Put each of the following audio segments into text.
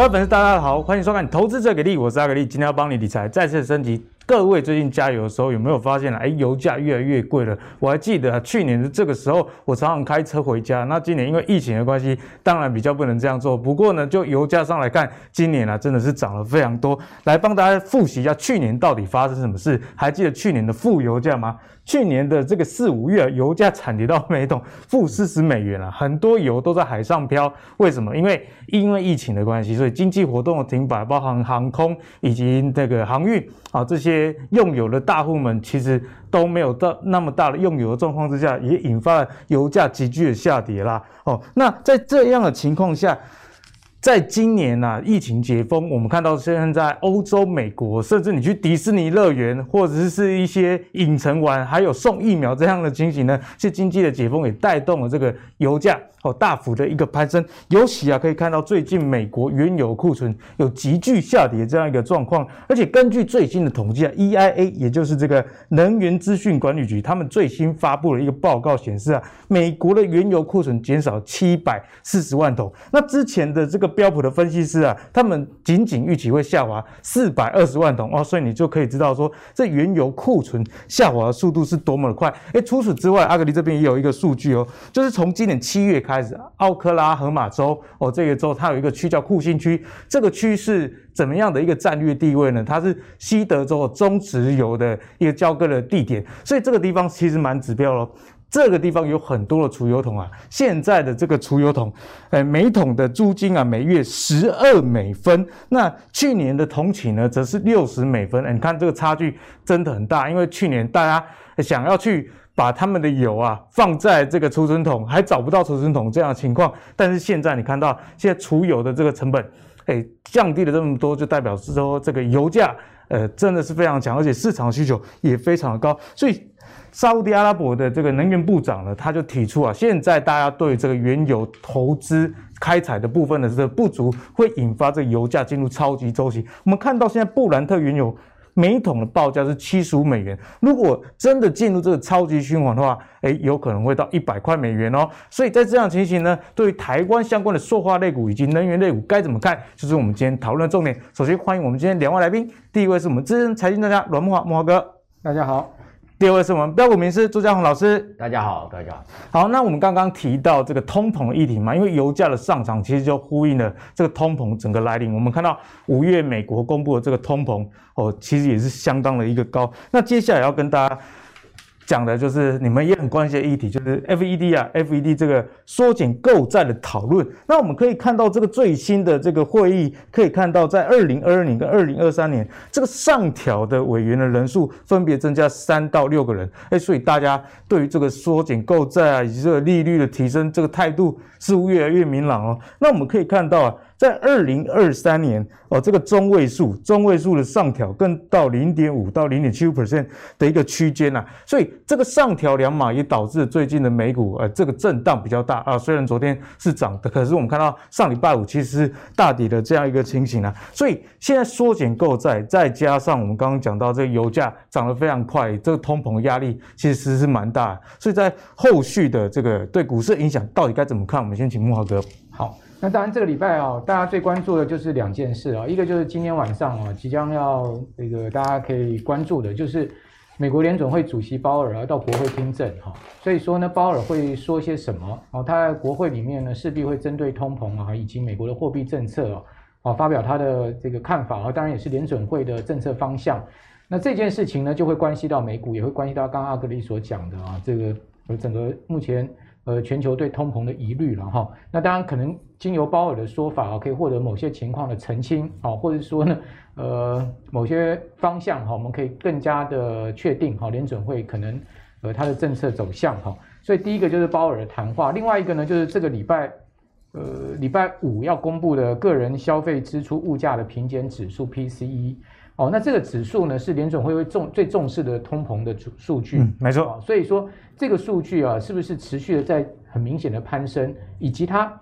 各位粉絲，大家好，歡迎收看《投資最給力》，我是阿格力，今天要幫你理財再次升級。各位最近加油的時候有沒有發現呢？哎，油價越來越貴了。我還記得、啊、去年的這個時候，我常常開車回家。那今年因為疫情的關係，當然比較不能這樣做。不過呢，就油價上來看，今年啊真的是漲了非常多。來幫大家複習一下去年到底發生什麼事？還記得去年的負油價嗎？去年的這個四五月啊，油價慘跌到每桶負四十美元啊，很多油都在海上漂。為什麼？因為因為疫情的關係，所以經濟活動的停擺，包含航空以及那個航運啊，這些用油的大戶們其實都沒有到那麼大的用油的狀況之下，也引發了油價急劇的下跌啦。哦，那在這樣的情況下。在今年吶、啊，疫情解封，我們看到現在在歐洲、美國，甚至你去迪士尼樂園，或者是是一些影城玩，還有送疫苗這樣的情形呢，是經濟的解封也帶動了這個油價哦大幅的一個攀升。尤其啊，可以看到最近美國原油庫存有急劇下跌這樣一個狀況，而且根據最新的統計啊，EIA 也就是這個能源資訊管理局，他們最新發布了一個報告顯示啊，美國的原油庫存減少七百四十萬桶。那之前的這個標普的分析師啊，他們僅僅預期會下滑四百二十萬桶哦，所以你就可以知道說，這原油庫存下滑的速度是多麼的快。哎，除此之外，阿格里這邊也有一個數據哦，就是從今年七月開始，奧克拉荷馬州哦這個州它有一個區叫庫欣區，這個區是怎麼樣的一個戰略地位呢？它是西德州中石油的一個交割的地點，所以這個地方其實蠻指標了。這個地方有很多的儲油桶啊，現在的這個儲油桶，哎，每桶的租金啊，每月十二美分。那去年的同期呢，則是六十美分。哎，你看這個差距真的很大，因為去年大家想要去把他們的油啊放在這個儲存桶，還找不到儲存桶這樣的情況。但是現在你看到，現在儲油的這個成本，哎，降低了這麼多，就代表是說這個油價，呃，真的是非常強，而且市場需求也非常的高，所以。沙烏地阿拉伯的這個能源部長呢，他就提出啊，現在大家對這個原油投資開採的部分的這個不足，會引發這個油價進入超級週期。我們看到現在布蘭特原油每一桶的報價是七十五美元，如果真的進入這個超級循環的話，哎，有可能會到一百塊美元哦。所以在這樣情形呢，對於台灣相關的塑化類股以及能源類股該怎麼看？就是我們今天討論的重點。首先歡迎我們今天兩位來賓，第一位是我們資深財經專家阮慕驊。慕驊哥，大家好。第二位是我們飆股名師朱家泓老師，大家好，大家好。好，那我們剛剛提到這個通膨的議題嘛，因為油價的上漲其實就呼應了這個通膨整個來臨。我們看到五月美國公布的這個通膨哦，其實也是相當的一個高。那接下來要跟大家。講的就是你們也很關心的議題，就是 FED 啊，FED 這個縮減購債的討論。那我們可以看到這個最新的這個會議，可以看到在二零二二年跟二零二三年，這個上調的委員的人數分別增加三到六個人。哎，所以大家對於這個縮減購債啊，以及這個利率的提升，這個態度似乎越來越明朗哦。那我們可以看到啊。在二零二三年哦，這個中位數中位數的上調，更到零點五到零點七五 percent 的一個區間吶、啊，所以這個上調兩碼也導致最近的美股呃這個震盪比較大啊。雖然昨天是漲的，可是我們看到上禮拜五其實是大跌的這樣一個情形啊。所以現在縮減購債，再加上我們剛剛講到這個油價漲得非常快，這個通膨壓力其實是蠻大。所以在後續的這個對股市影響到底該怎麼看？我們先請慕驊哥。好，那當然這個禮拜啊，大家最關注的就是兩件事啊，一個就是今天晚上啊，即將要那個大家可以關注的，就是美國聯準會主席鮑爾啊到國會聽證哈、啊，所以說呢，鮑爾會說些什麼啊？他在國會裡面呢，勢必會針對通膨啊以及美國的貨幣政策啊，啊發表他的這個看法啊，當然也是聯準會的政策方向。那這件事情呢，就會關係到美股，也會關係到剛剛阿格里所講的啊，這個整個目前。呃，全球對通膨的疑慮了哈、哦，那當然可能經由鮑爾的說法啊、哦，可以獲得某些情況的澄清啊、哦，或者說呢，呃，某些方向哈、哦，我們可以更加的確定哈、哦，聯準會可能呃它，的政策走向哈、哦，所以第一個就是鮑爾的談話，另外一個呢就是這個禮拜呃禮拜五要公布的個人消費支出物價的平減指數 PCE 哦，那這個指數呢是聯準會會重最重視的通膨的數據，嗯、沒錯、哦，所以說。這個數據啊，是不是持續的在很明顯的攀升？以及它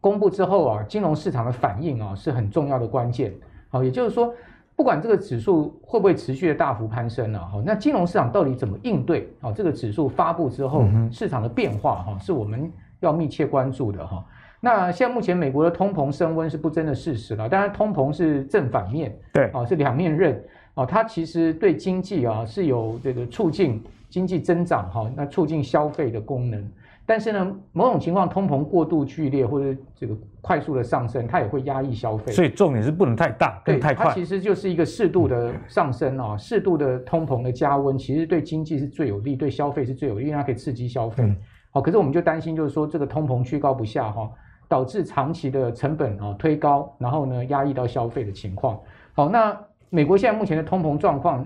公布之後啊，金融市場的反應啊，是很重要的關鍵。好，也就是說，不管這個指數會不會持續的大幅攀升了，好，那金融市場到底怎麼應對？啊？這個指數發布之後市場的變化、啊，哈，是我們要密切關注的哈。那現在目前美國的通膨升溫是不爭的事實了。當然，通膨是正反面，對，啊，是兩面刃。啊，它其實對經濟啊是有這個促進。經濟增長哈，那促進消費的功能，但是呢，某種情況通膨過度劇烈或者這個快速的上升，它也會壓抑消費。所以重點是不能太大，不太快。它其實就是一個適度的上升啊，嗯，適度的通膨的加溫，其實對經濟是最有利，對消費是最有利，因為它可以刺激消費。好，嗯，可是我們就擔心就是說，這個通膨居高不下哈，導致長期的成本啊推高，然後呢壓抑到消費的情況。好，那美國現在目前的通膨狀況。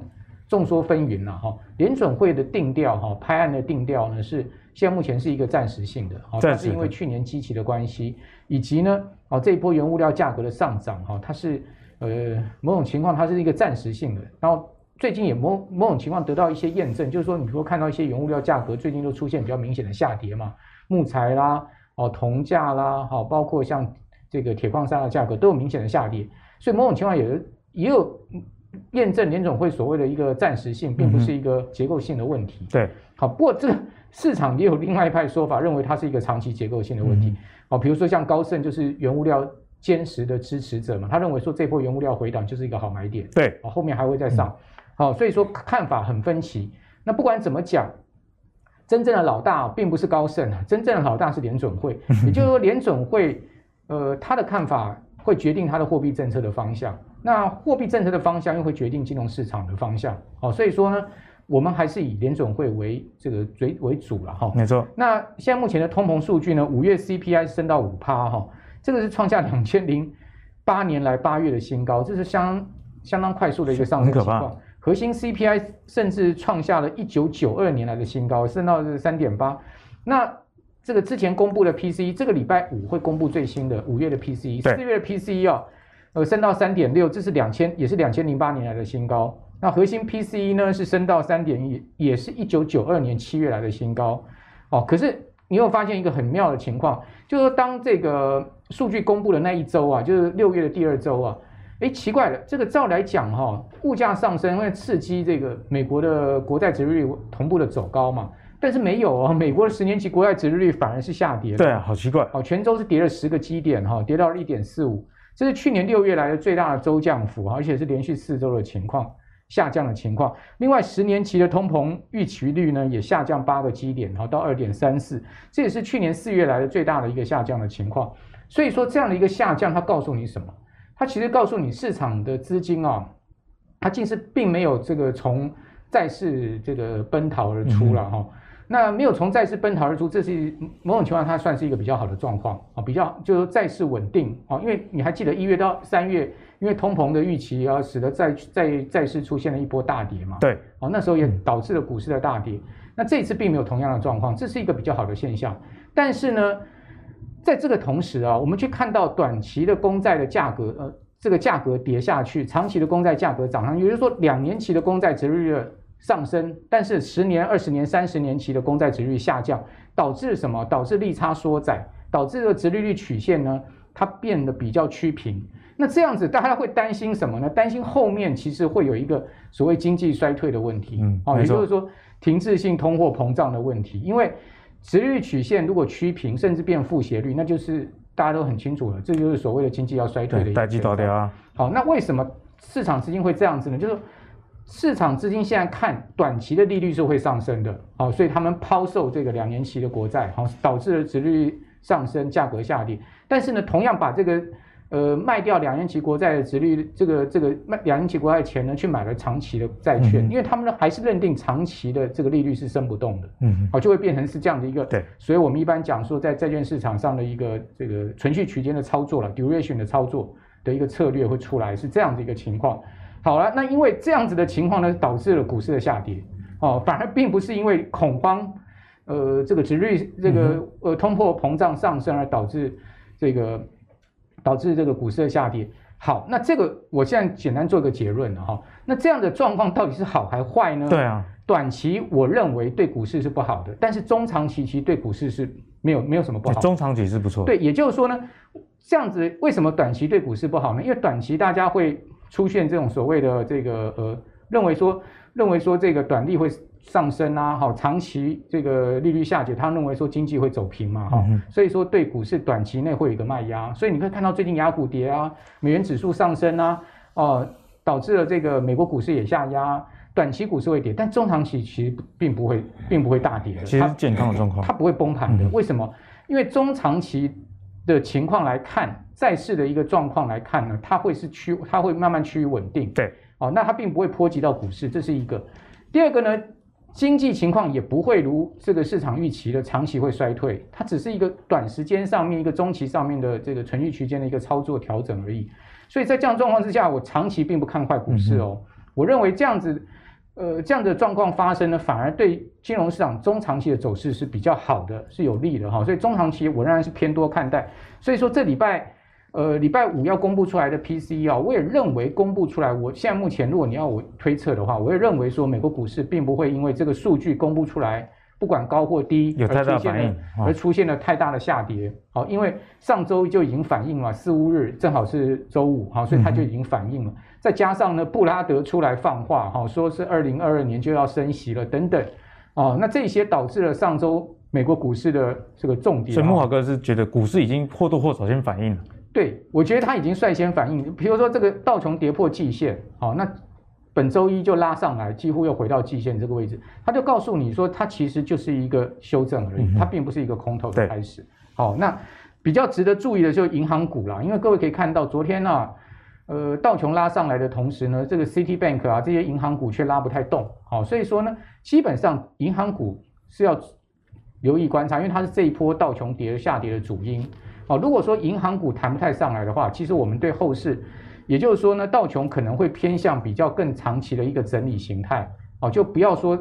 眾說紛紜啦，哈，聯準會的定調，哈，拍案的定調呢，是現在目前是一個暫時性的，好，但是因為去年基期的關係，以及呢，哦，這一波原物料價格的上漲，哈，它是呃某種情況，它是一個暫時性的。然後最近也某某種情況得到一些驗證，就是說，你如果看到一些原物料價格最近都出現比較明顯的下跌嘛，木材啦，哦，銅價啦，包括像這個鐵礦砂的價格都有明顯的下跌，所以某種情況也也有。驗證聯準會所謂的一個暫時性，並不是一個結構性的問題，嗯。對，好，不過這個市場也有另外一派說法，認為它是一個長期結構性的問題。好，嗯哦，比如說像高盛就是原物料堅實的支持者嘛，他認為說這波原物料回檔就是一個好買點。對，好，哦，後面還會再上，嗯。好，所以說看法很分歧。那不管怎麼講，真正的老大並不是高盛，真正的老大是聯準會。嗯，也就是說，聯準會呃，他的看法會決定他的貨幣政策的方向。那貨幣政策的方向又會決定金融市場的方向，好，所以說呢，我們還是以聯準會為這個最為主了哈。沒錯。那現在目前的通膨數據呢，五月 CPI 升到五趴。哈、哦，這個是創下兩千零八年來八月的新高，這是相相當快速的一個上升情況。很可怕。核心 CPI 甚至創下了一九九二年來的新高，升到是三點八。那這個之前公布的 PCE，這個禮拜五會公布最新的五月的 PCE，四月的 PCE 哦。而升到三點六，這是兩千也是兩千零八年來的新高。那核心 PCE 呢是升到三點一，也是一九九二年七月來的新高。哦，可是你有發現一個很妙的情況，就是當這個數據公布的那一周啊，就是六月的第二周啊，哎，奇怪了，這個照來講哈、哦，物價上升會刺激這個美國的國債殖利率同步的走高嘛，但是沒有哦，美國的十年期國債殖利率反而是下跌。對啊，好奇怪。哦，全周是跌了十個基點哈，跌到了一點四五。這是去年六月來的最大的週降幅，而且是連續四周的情況下降的情況。另外，十年期的通膨預期率呢也下降八個基點，哈，到二點三四，這也是去年四月來的最大的一個下降的情況。所以說這樣的一個下降，它告訴你什麼？它其實告訴你市場的資金啊，它竟是並沒有這個從債市這個奔逃而出了哈。嗯嗯那沒有從債市奔逃而出，這是某種情況，它算是一個比較好的狀況啊，比較就是債市穩定啊，因為你還記得一月到三月，因為通膨的預期而、啊、使得債債債市出現了一波大跌嘛，對，啊、哦，那時候也導致了股市的大跌。那這一次並沒有同樣的狀況，這是一個比較好的現象。但是呢，在這個同時啊，我們去看到短期的公債的價格，呃，這個價格跌下去，長期的公債價格漲上，也就是說兩年期的公債殖利率的上升，但是十年、二十年、三十年期的公債殖率下降，導致什麼？導致利差縮窄，導致這個殖利率曲線呢，它變得比較趨平。那這樣子，大家會擔心什麼呢？擔心後面其實會有一個所謂經濟衰退的問題，嗯、哦，也就是說停滯性通貨膨脹的問題。因為殖利率曲線如果趨平，甚至變負斜率，那就是大家都很清楚了，這就是所謂的經濟要衰退的，的，大忌導了啊！好、哦，那為什麼市場資金會這樣子呢？就是。市場資金現在看短期的利率是會上升的，啊，所以他們拋售這個兩年期的國債，好，導致了殖利率上升，價格下跌。但是呢，同樣把這個呃賣掉兩年期國債的殖利率這個這個賣兩年期國債的錢呢，去買了長期的債券，因為他們呢還是認定長期的這個利率是升不動的，嗯，好，就會變成是這樣的一個對。所以我們一般講說，在債券市場上的一個這個存續期間的操作了，啊、duration 的操作的一個策略會出來，是這樣的一個情況。好了、啊，那因為這樣子的情況呢，導致了股市的下跌，哦，反而並不是因為恐慌，呃，這個殖利率，這個呃，通貨膨脹上升而導致這個導致這個股市的下跌。好，那這個我現在簡單做一個結論了哈、哦。那這樣的狀況到底是好還壞呢？對啊，短期我認為對股市是不好的，但是中長期其實對股市是沒有沒有什麼不好的。中長期是不錯。對，也就是說呢，這樣子為什麼短期對股市不好呢？因為短期大家會。出現這種所謂，的這個呃，認為說認為說這個短利會上升啊，好、哦、長期這個利率下跌，他認為說經濟會走平嘛，哈、哦、嗯，所以說對股市短期內會有一個賣壓，所以你可以看到最近亞股跌啊，美元指數上升啊，哦、呃、導致了這個美國股市也下壓，短期股市會跌，但中長期其實並不會並不會大跌的，其實它是健康的狀況，它不會崩盤的、嗯，為什麼？因為中長期。的情況來看，債市的一個狀況來看呢，它會是趨，它會慢慢趨於穩定。對，哦，那它並不會波及到股市，這是一個。第二個呢，經濟情況也不會如這個市場預期的長期會衰退，它只是一個短時間上面一個中期上面的這個存續區間的一個操作調整而已。所以在這樣狀況之下，我長期並不看壞股市哦。嗯、我認為這樣子。呃，這樣的狀況發生呢，反而對金融市場中長期的走勢是比較好的，是有利的哈。所以中長期我仍然是偏多看待。所以說這禮拜，呃，禮拜五要公布出來的 PCE 啊、哦，我也認為公布出來，我現在目前如果你要我推測的話，我也認為說美國股市並不會因為這個數據公布出來。不管高或低，有太大的反應，而出現了太大的下跌。好、哦哦，因為上周就已經反應了，四五日正好是周五，好，所以它就已經反應了。嗯、再加上呢，布拉德出來放話，哈、哦，說是二零二二年就要升息了，等等，哦，那這些導致了上周美國股市的這個重跌。所以慕驊哥是覺得股市已經或多或少先反應了。對，我覺得他已經率先反應，比如說這個道瓊跌破季線，好、哦，那。本周一就拉上來，幾乎又回到季線這個位置，他就告訴你說，它其實就是一個修正而已，嗯、它並不是一個空頭的開始。對。好，那比較值得注意的就是銀行股啦，因為各位可以看到，昨天啊，呃，道瓊拉上來的同時呢，這個 City Bank 啊這些銀行股卻拉不太動。好，所以說呢，基本上銀行股是要留意觀察，因為它是這一波道瓊跌下跌的主因。好，如果說銀行股彈不太上來的話，其實我們對後市。也就是說呢，道瓊可能會偏向比較更長期的一個整理形態哦，就不要說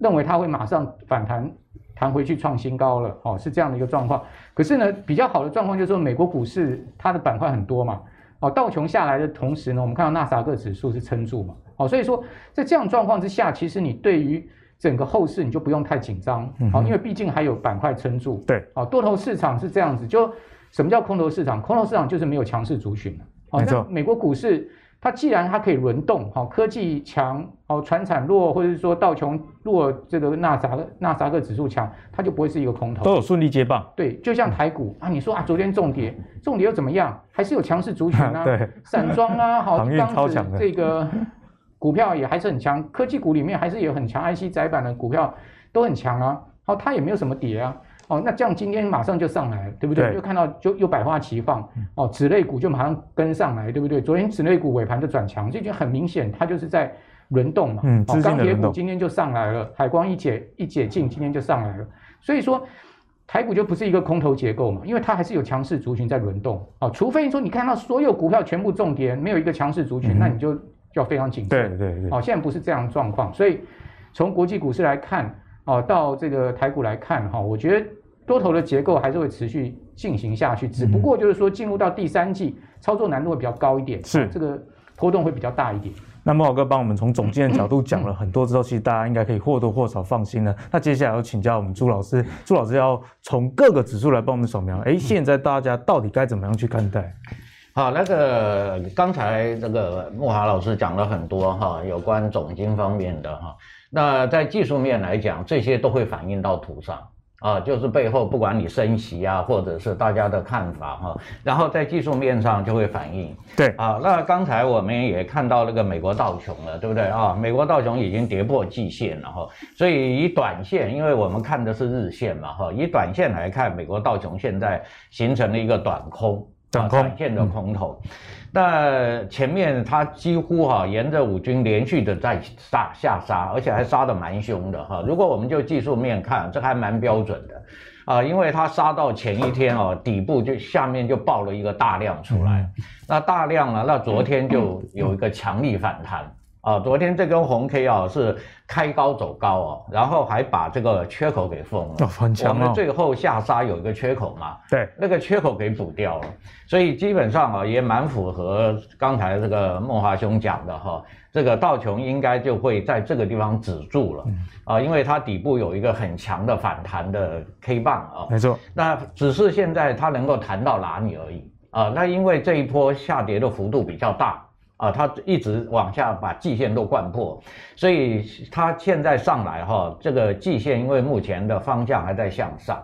認為它會馬上反彈彈回去創新高了哦，是這樣的一個狀況。可是呢，比較好的狀況就是說，美國股市它的板塊很多嘛，哦，道瓊下來的同時呢，我們看到納斯達克指數是撐住嘛，哦，所以說在這樣狀況之下，其實你對於整個後市你就不用太緊張哦，因為畢竟還有板塊撐住，對，哦，多頭市場是這樣子，就什麼叫空頭市場？空頭市場就是沒有強勢族群的。美國股市，它既然它可以輪動，好，科技強，好，傳產弱，或者說道瓊弱，這個納扎納斯達克指數強，它就不會是一個空頭。都有順利接棒。對，就像台股啊，你說啊，昨天重跌，重跌又怎麼樣？還是有強勢族群啊， 對，散裝啊，好、哦，當時這個股票也還是很強， 科技股裡面還是有很強 IC 載板的股票都很強啊，好，它也沒有什麼跌啊。哦，那這樣今天馬上就上來了，對不對？又看到就又百花齊放，哦，紙類股就馬上跟上來，對不對？昨天紙類股尾盤就轉強，這就很明顯，它就是在輪動嘛。嗯、哦，鋼鐵股今天就上來了，海光一解一解禁，今天就上來了、嗯。所以說，台股就不是一個空頭結構嘛，因為它還是有強勢族群在輪動。哦，除非說你看到所有股票全部重跌，沒有一個強勢族群，嗯、那你就就要非常緊張，對對對，哦，現在不是這樣狀況，所以從國際股市來看，哦，到這個台股來看，哈、哦，我覺得。多頭的結構還是會持續進行下去，只不過就是說進入到第三季，嗯、操作難度會比較高一點，是這個波動會比較大一點。那慕驊哥幫我們從總經的角度講了很多之後、嗯嗯嗯，其實大家應該可以或多或少放心了。那接下來要請教我們朱老師，朱老師要從各個指數來幫我們掃描。哎，現在大家到底該怎麼樣去看待？好，那個剛才那個慕驊老師講了很多哈，有關總經方面的哈，那在技術面來講，這些都會反映到圖上。啊，就是背後不管你升息啊，或者是大家的看法哈，然後在技術面上就會反映。對啊，那剛才我們也看到那個美國道瓊了，對不對啊？美國道瓊已經跌破季線了哈，所以以短線，因為我們看的是日線嘛哈，以短線來看，美國道瓊現在形成了一個短空。短、呃、線的空頭，那、嗯、前面他幾乎哈、啊、沿着五均連續的在殺下殺，而且還殺得蠻凶的哈。如果我們就技術面看，這個、還蠻標準的，啊、呃，因為他殺到前一天哦、啊、底部就下面就爆了一個大量出來，嗯、那大量呢，那昨天就有一個強力反彈。嗯嗯嗯啊，昨天這根紅 K 啊是開高走高哦、啊，然後還把這個缺口給封了。哦哦、很強、我們最後下殺有一個缺口嘛。對，那個缺口給補掉了，所以基本上啊也蠻符合剛才這個慕驊兄講的哈、啊，這個道瓊應該就會在這個地方止住了。嗯、啊，因為它底部有一個很強的反彈的 K 棒啊。沒錯。那只是現在它能夠彈到哪裡而已啊？那因為這一波下跌的幅度比較大。啊，它一直往下把季線都摜破，所以它現在上來哈、哦，這個季線因為目前的方向還在向上，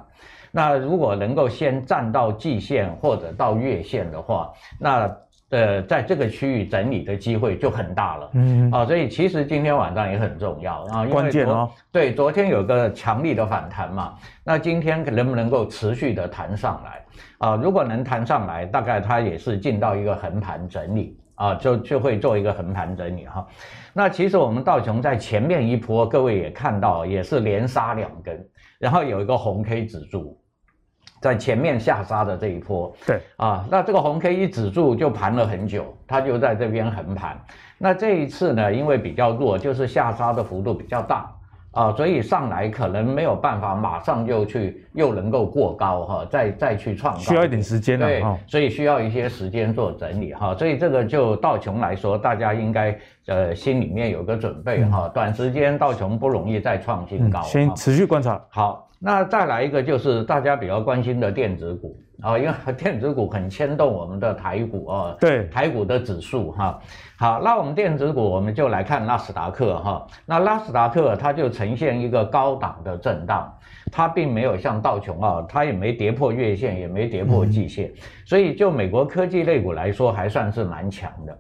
那如果能夠先站到季線或者到月線的話，那呃，在這個區域整理的機會就很大了。嗯，嗯，啊，所以其實今天晚上也很重要啊，關鍵哦。對，昨天有個強力的反彈嘛，那今天能不能夠持續的彈上來？啊，如果能彈上來，大概它也是進到一個橫盤整理。啊，就就會做一個橫盤整理哈，啊，那其實我們道瓊在前面一波，各位也看到，也是連殺兩根，然後有一個紅 K 止住，在前面下殺的這一波，對啊，那這個紅 K 一止住就盤了很久，它就在這邊橫盤，那這一次呢，因為比較弱，就是下殺的幅度比較大。啊、哦，所以上來可能沒有辦法，馬上就去又能夠過高哈、哦，再再去創造需要一點時間的、啊，對、哦，所以需要一些時間做整理哈、哦，所以這個就道瓊來說，大家應該呃心裡面有個準備哈、嗯哦，短時間道瓊不容易再創新高、嗯，先持續觀察、哦。好，那再來一個就是大家比較關心的電子股。啊、哦，因為電子股很牽動我們的台股啊、哦，對，台股的指數哈。好，那我們電子股我們就來看納斯達克哈。那納斯達克它就呈現一個高檔的震盪，它並沒有像道瓊啊，它也沒跌破月線，也沒跌破季線、嗯，所以就美國科技類股來說，還算是蠻強的。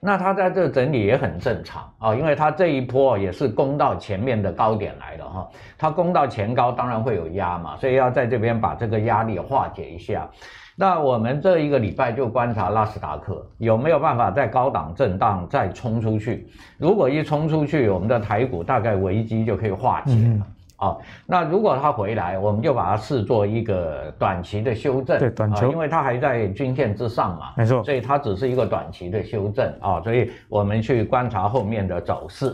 那他在這整理也很正常啊，因為他這一波也是攻到前面的高點來的哈，他攻到前高當然會有壓嘛，所以要在這邊把這個壓力化解一下。那我們這一個禮拜就觀察納斯達克有沒有辦法在高檔震蕩再衝出去，如果一衝出去，我們的台股大概危機就可以化解了。嗯哦，那如果它回來，我們就把它視作一個短期的修正，對短啊，因為它還在均線之上嘛，沒錯，所以它只是一個短期的修正啊，所以我們去觀察後面的走勢。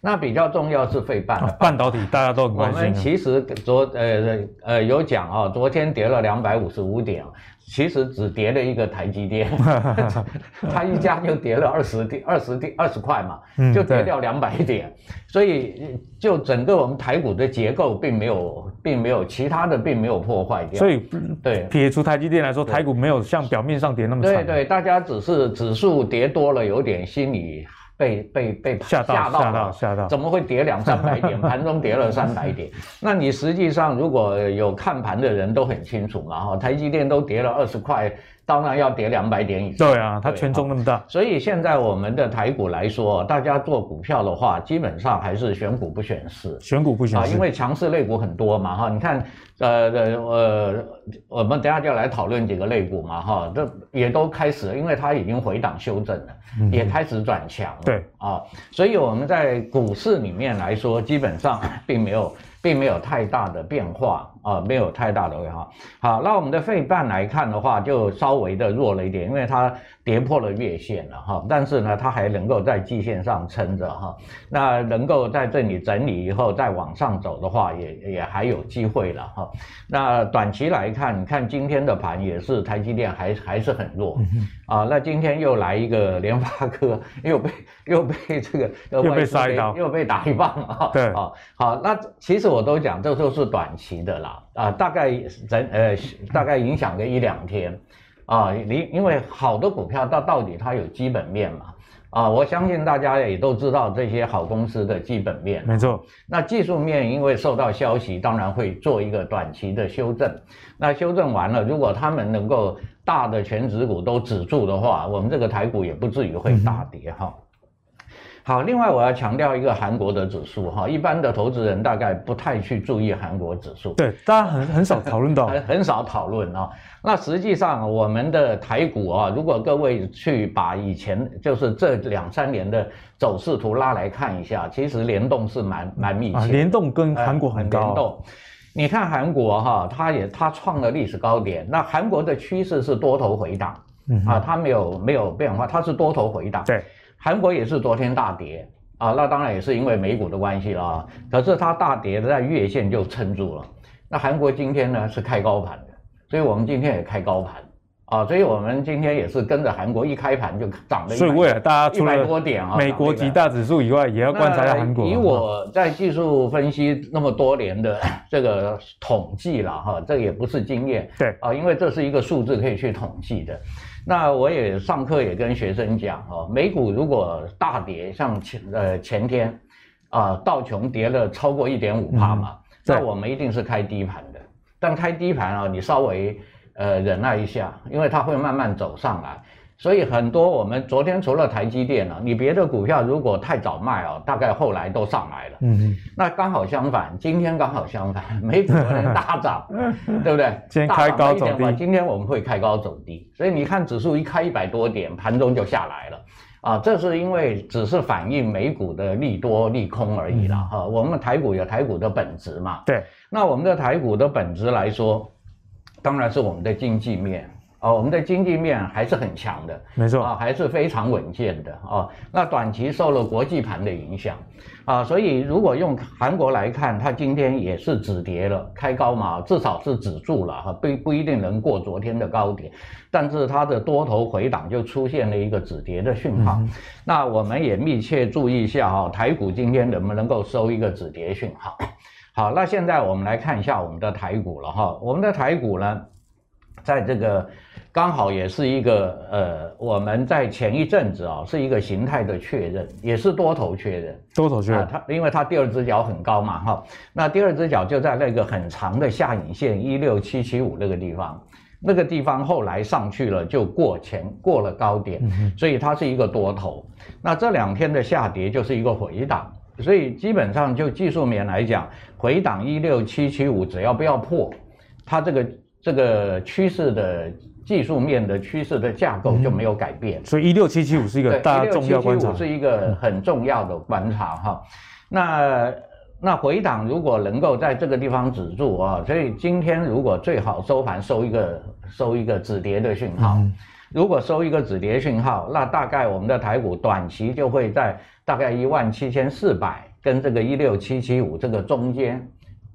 那比較重要是費半、哦、半導體大家都很關心。我們其實昨呃呃有講啊、哦，昨天跌了兩百五十五點。其實只跌了一個台積電， 他一家就跌了二十點、二十點、二十塊嘛，就跌掉兩百點，所以就整個我們台股的結構並沒有，並沒有其他的並沒有破壞掉。所以，對，撇除台積電來說，台股沒有像表面上跌那麼慘。對對，大家只是指數跌多了，有點心理，被被被嚇到，到，嚇到嚇到，到怎麼會跌兩三百點？盤中跌了三百點， 那你實際上如果有看盤的人都很清楚嘛哈，台積電都跌了二十塊。當然要跌兩百點以上。對啊，它權重那麼大啊。所以現在我們的台股來說，大家做股票的話，基本上還是選股不選市。選股不選市啊，因為強勢類股很多嘛，哈。你看，呃呃，我們等下就來討論幾個類股嘛，哈。這也都開始，因為它已經回檔修正了，嗯、也開始轉強了。對啊，所以我們在股市裡面來說，基本上並沒有並沒有太大的變化。啊、哦，沒有太大的位置哈，好，那我們的費半來看的話，就稍微的弱了一點，因為它跌破了月線了哈，但是呢，它還能夠在季線上撐着哈，那能夠在這裡整理以後再往上走的話也，也也還有機會了哈、哦。那短期來看，你看今天的盤也是台積電還還是很弱、嗯、啊，那今天又來一個聯發科又被又被這個又被殺又被打一棒哈。對啊、哦，好，那其實我都講，這就是短期的了。啊，大概呃，大概影響個一兩天，啊，你因為好的股票到到底它有基本面嘛，啊，我相信大家也都知道這些好公司的基本面。沒錯，那技術面因為受到消息，當然會做一個短期的修正。那修正完了，如果他們能夠大的權值股都止住的話，我們這個台股也不至於會大跌哈。嗯好，另外我要強調一個韓國的指數哈，一般的投資人大概不太去注意韓國指數。對，大家很很少討論到， 很少討論哦。那實際上我們的台股啊、哦，如果各位去把以前就是這兩三年的走勢圖拉來看一下，其實聯動是蠻蠻密切的、啊，聯動跟韓國很高。呃、聯動，你看韓國哈、哦，它也它創了歷史高點，那韓國的趨勢是多頭回檔、嗯，啊，它沒有沒有變化，它是多頭回檔。對。韓國也是昨天大跌啊，那當然也是因為美股的關係啦。可是它大跌在月線就撐住了。那韓國今天呢是開高盤的，所以我們今天也開高盤啊。所以我們今天也是跟着韓國一開盤就漲了一百多點啊。美國幾大指數以外，也要觀察韓國。以我在技術分析那麼多年的這個統計了哈，這個也不是經驗。對啊，因為這是一個數字可以去統計的。那我也上課也跟學生講哦，美股如果大跌，像前呃前天，啊、呃、道瓊跌了超過一點五趴嘛、嗯，那我們一定是開低盤的。但開低盤啊，你稍微呃忍耐一下，因為它會慢慢走上來。所以很多我們昨天除了台積電了、啊，你別的股票如果太早賣哦、啊，大概後來都上來了。嗯嗯。那剛好相反，今天剛好相反，美股那個大漲， 對不對？今天開高走低。今天我們會開高走低，所以你看指數一開一百多點，盤中就下來了，啊，這是因為只是反映美股的利多利空而已了哈、嗯啊。我們台股有台股的本質嘛。對。那我們的台股的本質來說，當然是我們的經濟面。哦，我們的經濟面還是很強的，沒錯啊，還是非常穩健的啊。那短期受了國際盤的影響，啊，所以如果用韓國來看，它今天也是止跌了，開高嘛，至少是止住了哈，不不一定能過昨天的高點，但是它的多頭回檔就出現了一個止跌的訊號。嗯。那我們也密切注意一下哈，台股今天能不能夠收一個止跌訊號？好，那現在我們來看一下我們的台股了哈，我們的台股呢？在這個剛好也是一個呃，我們在前一陣子啊、哦、是一個形態的確認，也是多頭確認。多頭確認，它、啊、因為它第二隻腳很高嘛，哈，那第二隻腳就在那個很長的下影線一六七七五那個地方，那個地方後來上去了就過前過了高點，嗯、所以它是一個多頭。那這兩天的下跌就是一個回檔，所以基本上就技術面來講，回檔一六七七五只要不要破，它這個。這個趨勢的技術面的趨勢的架構就沒有改變、嗯，所以一六七七五是一個大家重要觀察，一六七七五是一個很重要的觀察哈、嗯。那那回檔如果能夠在這個地方止住啊、哦，所以今天如果最好收盤收一個收一個止跌的訊號、嗯，如果收一個止跌訊號，那大概我們的台股短期就會在大概一萬七千四百跟這個一六七七五這個中間。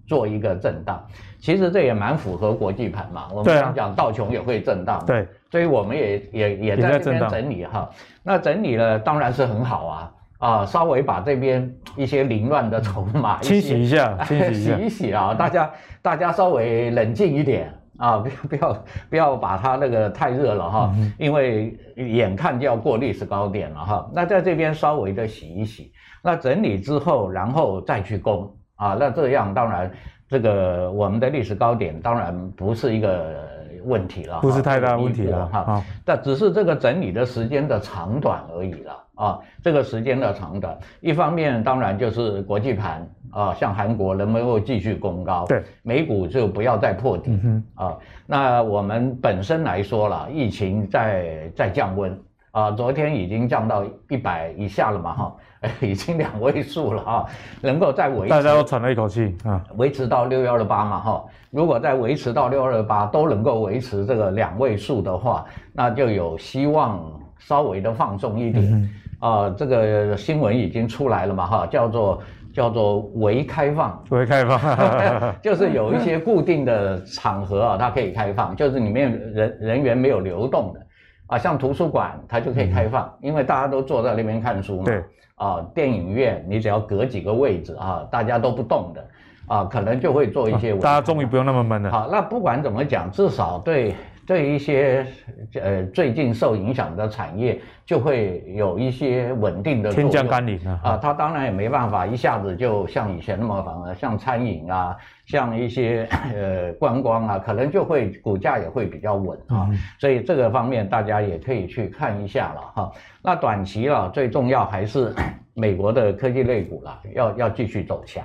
做一個震盪，其實這也蠻符合國際盤嘛。我們常講道瓊也會震盪。對、啊，所以我們也也也在這邊整理哈在。那整理了當然是很好啊，啊，稍微把這邊一些凌亂的籌碼清洗一下，清洗一 洗一洗啊，大家大家稍微冷靜一點啊，不要不要不要把它那個太熱了哈，嗯、因為眼看就要過歷史高點了哈。那在這邊稍微的洗一洗，那整理之後，然後再去攻。啊，那這樣當然，這個我們的歷史高點當然不是一個問題了，不是太大問題了哈、啊。但只是這個整理的時間的長短而已了啊。這個時間的長短，一方面當然就是國際盤啊，像韓國能不能夠繼續攻高？對，美股就不要再破底、嗯、啊。那我們本身來說了，疫情在在降溫啊，昨天已經降到一百以下了嘛哈。啊 已經兩位數了啊，能夠再維持，大家都喘了一口氣啊。維持到六幺二八嘛哈，如果再維持到六二二八都能夠維持這個兩位數的話，那就有希望稍微的放鬆一點啊、呃。這個新聞已經出來了嘛哈，叫做叫做微開放，微開放，就是有一些固定的場合啊，它可以開放，就是裡面人人員沒有流動的啊，像圖書館它就可以開放，因為大家都坐在那邊看書嘛。對。啊、哦，電影院你只要隔幾個位置啊，大家都不動的，啊，可能就會做一些、啊。大家終於不用那麼悶了。好，那不管怎麼講，至少對。這一些，呃，最近受影響的產業就會有一些穩定的天降甘霖啊！它當然也沒辦法一下子就像以前那麼，反而像餐飲啊，像一些呃觀光啊，可能就會股價也會比較穩啊。所以這個方面大家也可以去看一下了哈、啊。那短期了、啊，最重要還是美國的科技類股啦，要要繼續走強，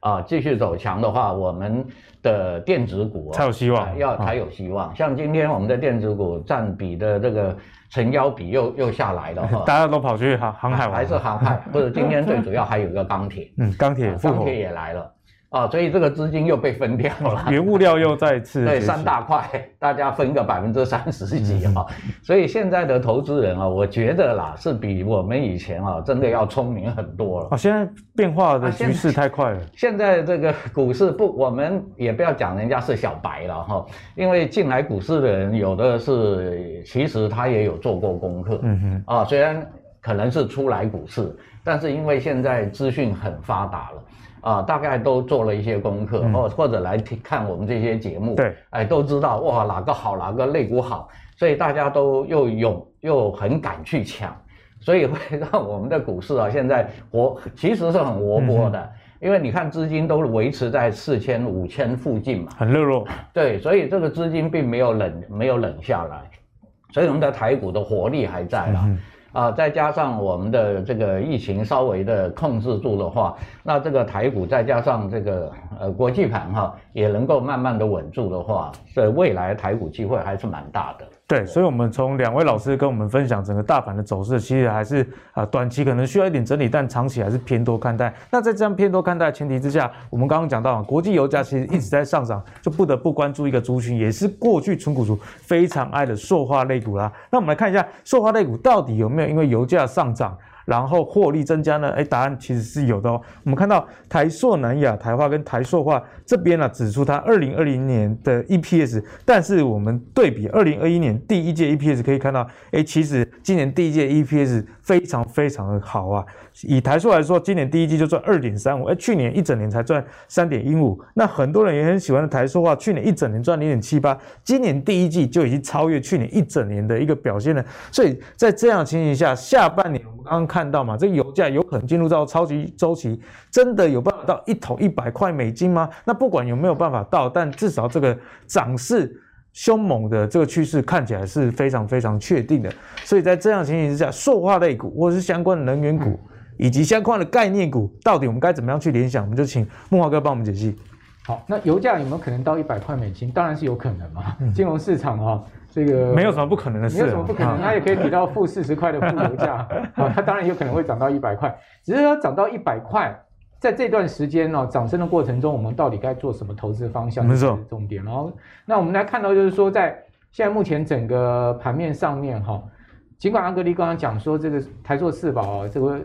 啊，繼續走強的話，我們。的電子股、啊、才有希望，要、啊、才有希望、啊。像今天我們的電子股占比的這個成交比又又下來了，大家都跑去航航海玩、啊，還是航海？ 不是，今天最主要還有一個鋼鐵，嗯，鋼鐵、啊、鋼鐵、鋼鐵也來了。啊、哦，所以這個資金又被分掉了，原物料又再次 對，是是三大塊，大家分個百分之三十幾哈、哦。 所以現在的投資人啊、哦，我覺得啦是比我們以前啊、哦、真的要聰明很多了。啊、哦，現在變化的局勢太快了、啊，現在。現在這個股市不，我們也不要講人家是小白了哈、哦，因為進來股市的人有的是，其實他也有做過功課。嗯哼啊、哦，雖然可能是初來股市，但是因為現在資訊很發達了。啊，大概都做了一些功課，或、嗯、或者來看我們這些節目，對，哎，都知道哇，哪個好，哪個類股好，所以大家都又勇又很敢去搶，所以會讓我們的股市啊，現在活其實是很活潑的、嗯，因為你看資金都維持在四千五千附近嘛，很熱絡，對，所以這個資金並沒有冷沒有冷下來，所以我們的台股的活力還在啦、啊。嗯啊，再加上我們的這個疫情稍微的控制住的話，那這個台股再加上這個呃國際盤哈，啊，也能夠慢慢的穩住的話，所以未來台股機會還是蠻大的。對，所以，我們從兩位老師跟我們分享整個大盤的走勢，其實還是啊，短期可能需要一點整理，但長期還是偏多看待。那在這樣偏多看待的前提之下，我們剛剛講到國際油價其實一直在上漲，就不得不關注一個族群，也是過去存股族非常愛的塑化類股啦。那我們來看一下塑化類股到底有沒有因為油價上漲，然後獲利增加呢？誒，答案其實是有的哦。我們看到台塑、南亞、台化跟台塑化。這邊呢，指出它二零二零年的 EPS，但是我們對比二零二一年第一屆 EPS 可以看到，哎、欸，其實今年第一屆 EPS 非常非常的好啊。以台塑來說，今年第一季就賺二點三五，哎，去年一整年才賺三點一五。那很多人也很喜歡台塑化，去年一整年賺零點七八，今年第一季就已經超越去年一整年的一個表現了。所以在這樣的情形下，下半年我們剛剛看到嘛，這個油價有可能進入到超級週期，真的有辦法到一桶一百塊美金嗎？那不管有沒有辦法到，但至少這個漲勢凶猛的這個趨勢看起來是非常非常確定的。所以在這樣情形之下，塑化類股或者是相關的能源股以及相關的概念股，到底我們該怎麼樣去聯想？我們就請慕驊哥幫我們解析。好，那油價有沒有可能到一百塊美金？當然是有可能嘛。金融市場啊、哦嗯，這個沒有什麼不可能的事、啊。沒有什麼不可能，它也可以跌到負四十塊的負油價。它 當然有可能會漲到一百塊，只是它漲到一百塊。在這段時間呢、哦，漲升的過程中，我們到底該做什麼投資方向是，是重點沒錯？然後，那我們來看到就是說，在現在目前整個盤面上面哈、哦，儘管安格利剛剛講說這個台塑四寶啊、哦，這個呃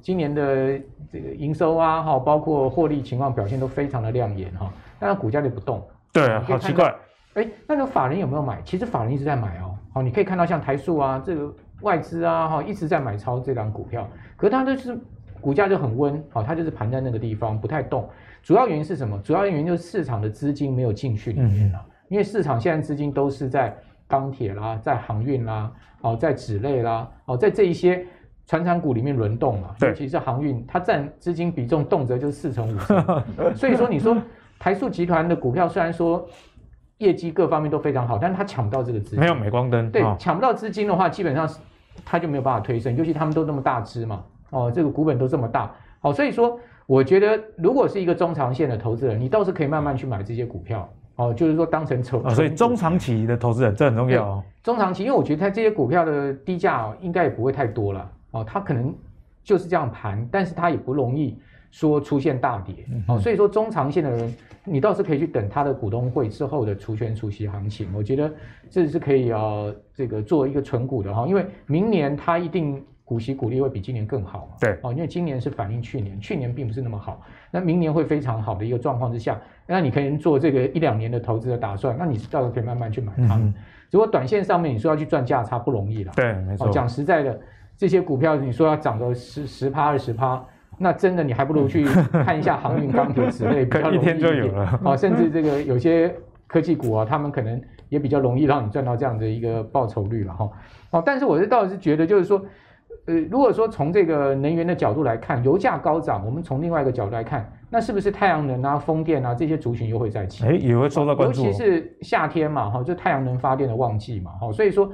今年的這個營收啊哈、哦，包括獲利情況表現都非常的亮眼哈，但、哦、是股價就不動。對，哦、好奇怪。哎，那個法人有沒有買？其實法人一直在買哦。好、哦，你可以看到像台塑啊，這個外資啊哈、哦，一直在買超這檔股票，可它都是。就是股價就很溫，好、哦，它就是盤在那個地方不太動。主要原因是什麼？主要原因就是市場的資金沒有進去裡面了、嗯，因為市場現在資金都是在鋼鐵啦，在航運啦，哦，在紙類啦，哦，在這一些傳產股裡面輪動嘛。所以其實航運，它占資金比重動輒就是四成五， 所以說你說台塑集團的股票雖然說業績各方面都非常好，但是它搶不到這個資金，沒有鎂光燈、哦。對，搶不到資金的話，基本上它就沒有辦法推升，尤其他們都那麼大支嘛。哦，這個股本都這麼大，好、哦，所以說我覺得如果是一個中長線的投資人，你倒是可以慢慢去買這些股票，哦，就是說當成存。啊、哦，所以中長期的投資人這很重要哦。中長期，因為我覺得它這些股票的低價應該也不會太多了，哦，它可能就是這樣盤，但是它也不容易說出現大跌、嗯，哦，所以說中長線的人你倒是可以去等它的股東會之後的除權除息行情，我覺得這是可以呃、哦、這個作為一個存股的哈、哦，因為明年它一定。股息股利會比今年更好嗎？對，哦，因為今年是反映去年，去年並不是那麼好，那明年會非常好的一個狀況之下，那你可以做這個一兩年的投資的打算，那你到時候可以慢慢去買它、嗯。如果短線上面你說要去賺價差，不容易了。對、哦，沒錯。講實在的，這些股票你說要漲個十十趴二十趴，那真的你還不如去看一下航運、鋼鐵之類比較容易一點啊、哦，甚至這個有些科技股啊，他們可能也比較容易讓你賺到這樣的一個報酬率了哈、哦。哦，但是我是倒是覺得就是說。呃，如果說從這個能源的角度來看，油價高漲，我們從另外一個角度來看，那是不是太陽能啊、風電啊這些族群又會再起？哎，也會受到關注。哦、尤其是夏天嘛，哈、哦，就太陽能發電的旺季嘛，哈、哦，所以說，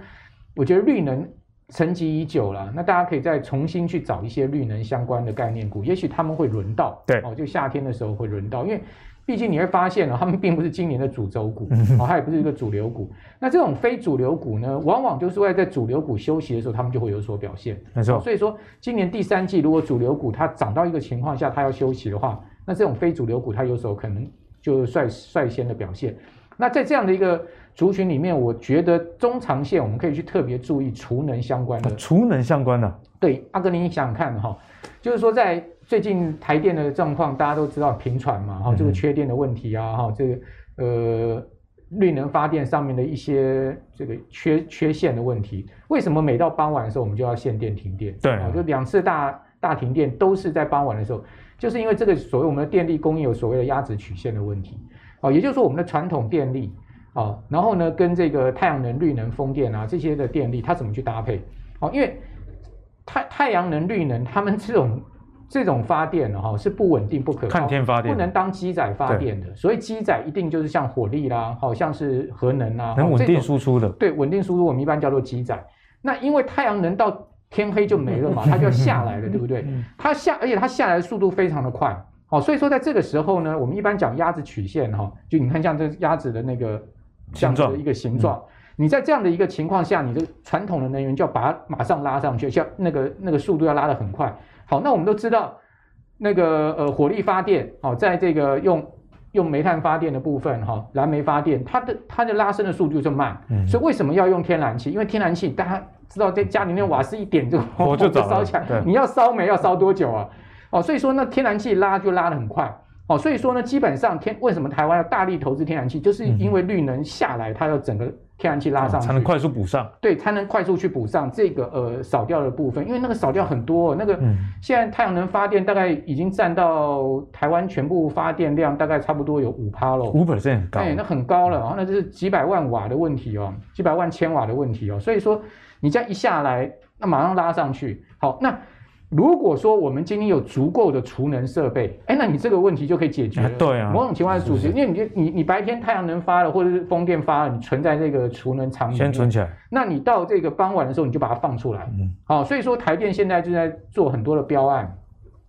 我覺得綠能沉寂已久了，那大家可以再重新去找一些綠能相關的概念股，也許他們會輪到。對、哦，就夏天的時候會輪到，因為。畢竟你會發現哦，他們並不是今年的主軸股啊，它、 哦、也不是一個主流股。那這種非主流股呢，往往就是為了在主流股休息的時候，他們就會有所表現。沒錯哦、所以說今年第三季如果主流股它漲到一個情況下，它要休息的話，那這種非主流股它有時候可能就率率先的表現。那在這樣的一個族群裡面，我覺得中長線我們可以去特別注意儲能相關的，啊，儲能相關的。對，阿哥，啊，你想想看哈，就是說在最近台電的狀況，大家都知道頻傳嘛，哈，這個缺電的問題啊，哈、嗯哦，這個呃，綠能發電上面的一些這個缺缺陷的問題，為什麼每到傍晚的時候我們就要限電停電？對，就兩次大大停電都是在傍晚的時候，就是因為這個所謂我們的電力供應有所謂的鴨子曲線的問題。哦，也就是說，我們的傳統電力，哦，然後呢，跟這個太陽能、綠能、風電啊這些的電力，它怎麼去搭配？哦，因為太太陽能、綠能，它們這種這種發電的哈、哦，是不穩定、不可靠，看天發電，不能當基載發電的。所以基載一定就是像火力啦，好、哦、像是核能啊，能穩定輸出的。對，穩定輸出我們一般叫做基載。那因為太陽能到天黑就沒了嘛， 它就要下來了，對不對、 嗯？它下，而且它下來的速度非常的快。好、哦，所以說在這個時候呢，我們一般講鴨子曲線哈、哦，就你看像這鴨子的那個形狀這樣子的一個形狀、嗯，你在這樣的一個情況下，你的傳統的能源就要把它馬上拉上去，像那個那個速度要拉得很快。好，那我們都知道那個呃火力發電，哦，在這個用用煤炭發電的部分哈，燃、哦、煤發電它的它的拉伸的速度就慢、嗯，所以為什麼要用天然氣？因為天然氣大家知道在家裡面瓦斯一點就火，就燒起來，你要燒煤要燒多久啊？哦，所以說那天然氣拉就拉得很快。哦，所以說呢，基本上天為什麼台灣要大力投資天然氣，就是因為綠能下來，它要整個天然氣拉上去、嗯，才能快速補上。對，它能快速去補上這個呃少掉的部分，因為那個少掉很多。那個現在太陽能發電大概已經占到台灣全部發電量大概差不多有五趴嘍，五趴很高、哎，那很高了啊、哦，那就是幾百萬瓦的問題哦，幾百萬千瓦的問題哦。所以說你這樣一下來，那馬上拉上去。好，那。如果說我們今天有足夠的儲能設備，哎，那你這個問題就可以解決、哎。對啊，某種情況是屬實，因為你就你你白天太陽能發了或者是風電發了，你存在這個儲能廠裡面。面先存起來，那你到這個傍晚的時候你就把它放出來。嗯。好、啊，所以說台電現在就在做很多的標案，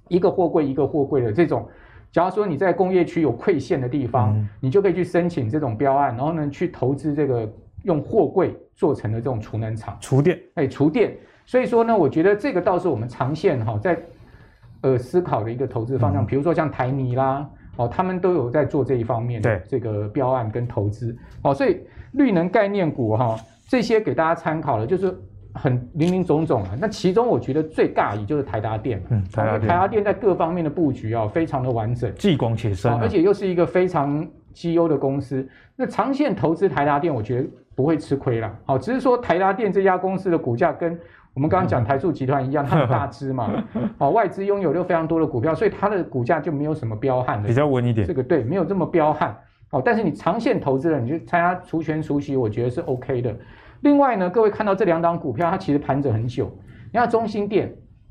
一個貨櫃一個貨櫃的這種。假如說你在工業區有饋線的地方、嗯，你就可以去申請這種標案，然後呢去投資這個用貨櫃做成的這種儲能廠。儲電，哎，儲電。所以說呢，我覺得這個倒是我們長線哈、哦、在，呃思考的一個投資方向。比如說像台泥啦，哦，他們都有在做這一方面的這個標案跟投資。哦，所以綠能概念股哈、哦，這些給大家參考了，就是很零零總總了。那其中我覺得最尬也就是台達電。嗯，台達電在各方面的布局啊、哦，非常的完整，既廣且深，而且又是一個非常績優的公司。那長線投資台達電，我覺得不會吃虧啦。好，只是說台達電這家公司的股價跟我們剛剛講台塑集團一樣，它的大資嘛、 哦，外資擁有就非常多的股票，所以它的股價就沒有什麼彪悍的，比較穩一點。這個對，沒有這麼彪悍。哦，但是你長線投資人，你就參加除權除息，我覺得是 OK 的。另外呢，各位看到這兩檔股票，它其實盤整很久。你看中興電，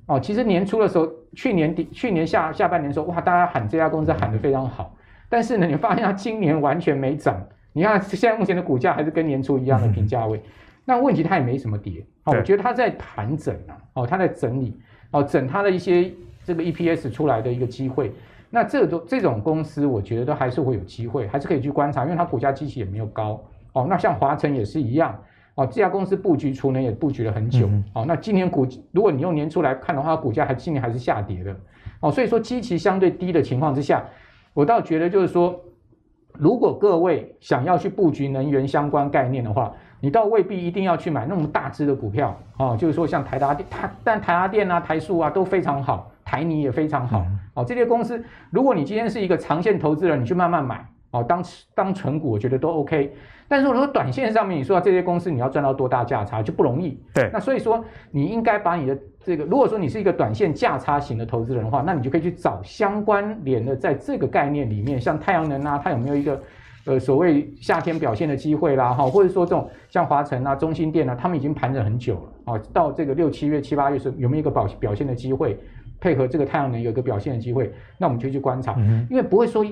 哦，其實年初的時候，去年底、去年下下半年的時候，哇，大家喊這家公司喊得非常好。但是呢，你發現它今年完全沒漲。你看現在目前的股價還是跟年初一樣的平價位。 那問題，它也沒什麼跌，好、哦，我覺得它在盤整、啊、哦，它在整理，哦，整它的一些這個 EPS 出來的一個機會。那這種這種公司，我覺得都還是會有機會，還是可以去觀察，因為它股價基期也沒有高，哦，那像華城也是一樣，哦，這家公司布局，儲能也布局了很久，嗯嗯哦，那今年股如果你用年初來看的話，股價還今年還是下跌的，哦，所以說基期相對低的情況之下，我倒覺得就是說，如果各位想要去布局能源相關概念的話，你倒未必一定要去買那麼大隻的股票啊、哦，就是說像台達電，台但台達電啊、台塑啊都非常好，台泥也非常好，哦，這些公司，如果你今天是一個長線投資人，你去慢慢買。哦，當當存股我覺得都 OK，但是如果短線上面你說這些公司你要賺到多大價差就不容易。對，那所以說你應該把你的這個，如果說你是一個短線價差型的投資人的話，那你就可以去找相關聯的，在這個概念裡面，像太陽能啊，它有沒有一個呃所謂夏天表現的機會啦？哈、哦，或者說這種像華城啊、中興電啊，他們已經盤整很久了，哦，到這個六七月、七八月有沒有一個表表現的機會，配合這個太陽能有一個表現的機會，那我們就去觀察，嗯嗯因為不會說。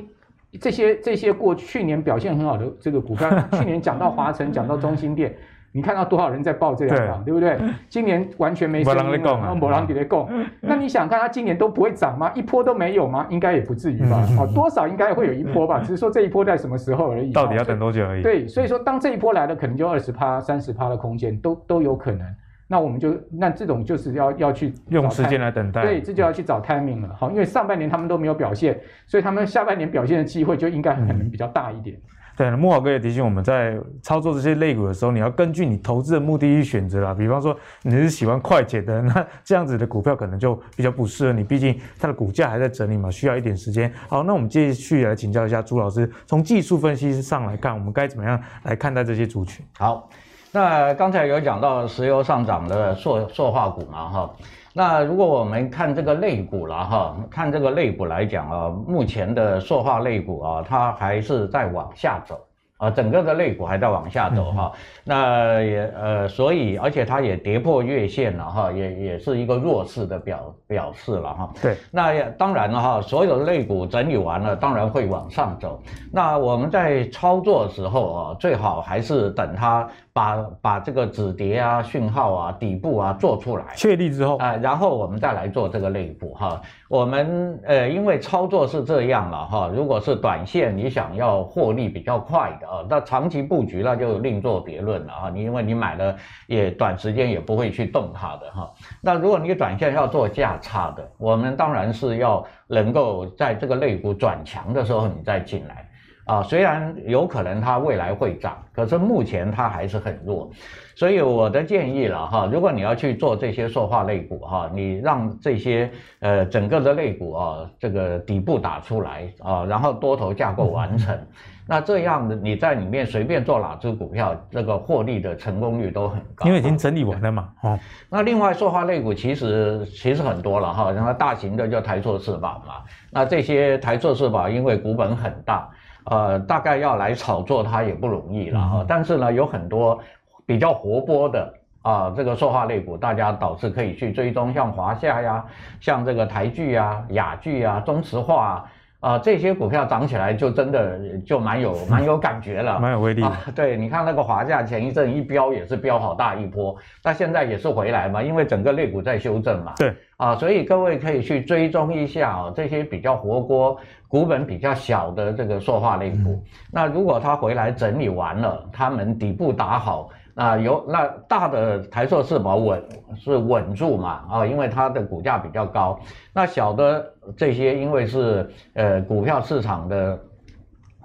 這些這些過去年表現很好的這個股票，去年講到華城， 講到中興電，你看到多少人在報這兩檔，對不對？今年完全沒聲音，沒人在講、啊啊、那你想看它今年都不會漲嗎？一波都沒有嗎？應該也不至於吧？ 哦、多少應該會有一波吧，只是說這一波在什麼時候而已。 到底要等多久而已對？對，所以說當這一波來了，可能就二十趴、三十趴的空間都都有可能。那我們就那這種就是要要去 timing, 用時間來等待，對，這就要去找 timing 了，嗯。好，因為上半年他們都沒有表現，所以他們下半年表現的機會就應該可能比較大一點。嗯、對，慕驊哥也提醒我們在操作這些類股的時候，你要根據你投資的目的去選擇啦。比方說你是喜歡快捷的，那這樣子的股票可能就比較不適合你，畢竟它的股價還在整理嘛，需要一點時間。好，那我們繼續來請教一下朱老師，從技術分析上來看，我們該怎麼樣來看待這些族群？好。那剛才有講到石油上漲的塑塑化股嘛哈，那如果我們看這個類股了哈，看這個類股來講啊，目前的塑化類股啊，它還是在往下走啊，整個的類股還在往下走哈。嗯嗯。那也呃，所以而且它也跌破月線了哈，也也是一個弱勢的表表示了哈。對，那當然了哈，所有的類股整理完了，當然會往上走。那我們在操作的時候啊，最好還是等它。把把這個止跌啊，、訊號啊、底部啊做出來，確立之後啊，、呃，然後我們再來做這個類股哈。我們呃，因為操作是這樣了哈。如果是短線，你想要獲利比較快的啊，那長期布局那就另作別論了啊。你因為你買了，也短時間也不會去動它的哈、啊。那如果你短線要做價差的，我們當然是要能夠在這個類股轉強的時候，你再進來。啊，雖然有可能它未來會漲，可是目前它還是很弱，所以我的建議了哈，如果你要去做這些塑化類股哈、啊，你讓這些呃整個的類股啊這個底部打出來啊，然後多頭架構完成，那這樣你在裡面隨便做哪隻股票，這個獲利的成功率都很高。因為已經整理完了嘛。哦，那另外塑化類股其實其實很多了哈、啊，然後大型的叫台塑四寶嘛。那這些台塑四寶，因為股本很大。呃，大概要來炒作它也不容易了後、嗯，但是呢，有很多比較活潑的啊、呃，這個塑化類股，大家倒是可以去追蹤，像華夏呀，像這個台聚呀、亞聚呀、中石化啊。啊、呃，這些股票漲起來就真的就蠻有蠻有感覺了，蠻、嗯、有威力、啊。對，你看那個華夏前一陣一飆也是飆好大一波，那現在也是回來嘛，因為整個類股在修正嘛。對，啊，所以各位可以去追蹤一下哦，這些比較活潑、股本比較小的這個塑化類股、嗯，那如果它回來整理完了，它們底部打好。那有那大的台塑是保穩是穩住嘛，啊、哦，因為它的股價比較高。那小的這些，因為是呃股票市場的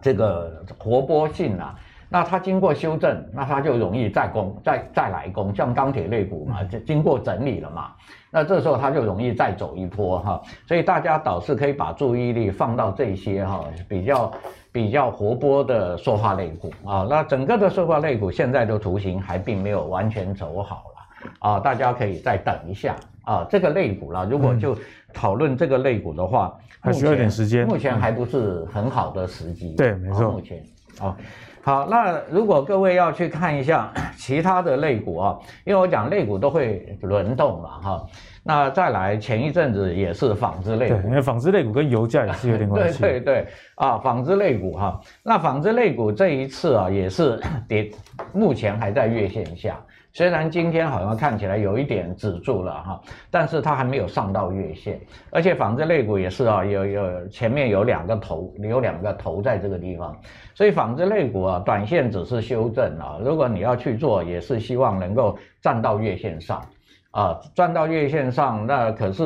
這個活潑性啊，那它經過修正，那它就容易再攻再再來攻，像鋼鐵類股嘛，就經過整理了嘛。那這時候它就容易再走一波哈、哦，所以大家倒是可以把注意力放到這些哈、哦、比較。比較活潑的塑化類股啊，那整個的塑化類股現在的圖形還並沒有完全走好了啊，大家可以再等一下啊。這個類股啦，如果就討論這個類股的話，嗯、還需要點時間。目前還不是很好的時機、嗯。對，沒錯、哦，目前、啊。好，那如果各位要去看一下其他的類股啊，因為我講類股都會輪動嘛哈。那再來，前一陣子也是紡織類股。對，因為紡織類股跟油價也是有點關係。 對對對，啊，紡織類股哈，那紡織類股這一次啊，也是跌，目前還在月線下，雖然今天好像看起來有一點止住了哈，但是它還沒有上到月線，而且紡織類股也是啊，有有前面有兩個頭，有兩個頭在這個地方，所以紡織類股啊，短線只是修正啊，如果你要去做，也是希望能夠站到月線上。啊，轉到月線上，那可是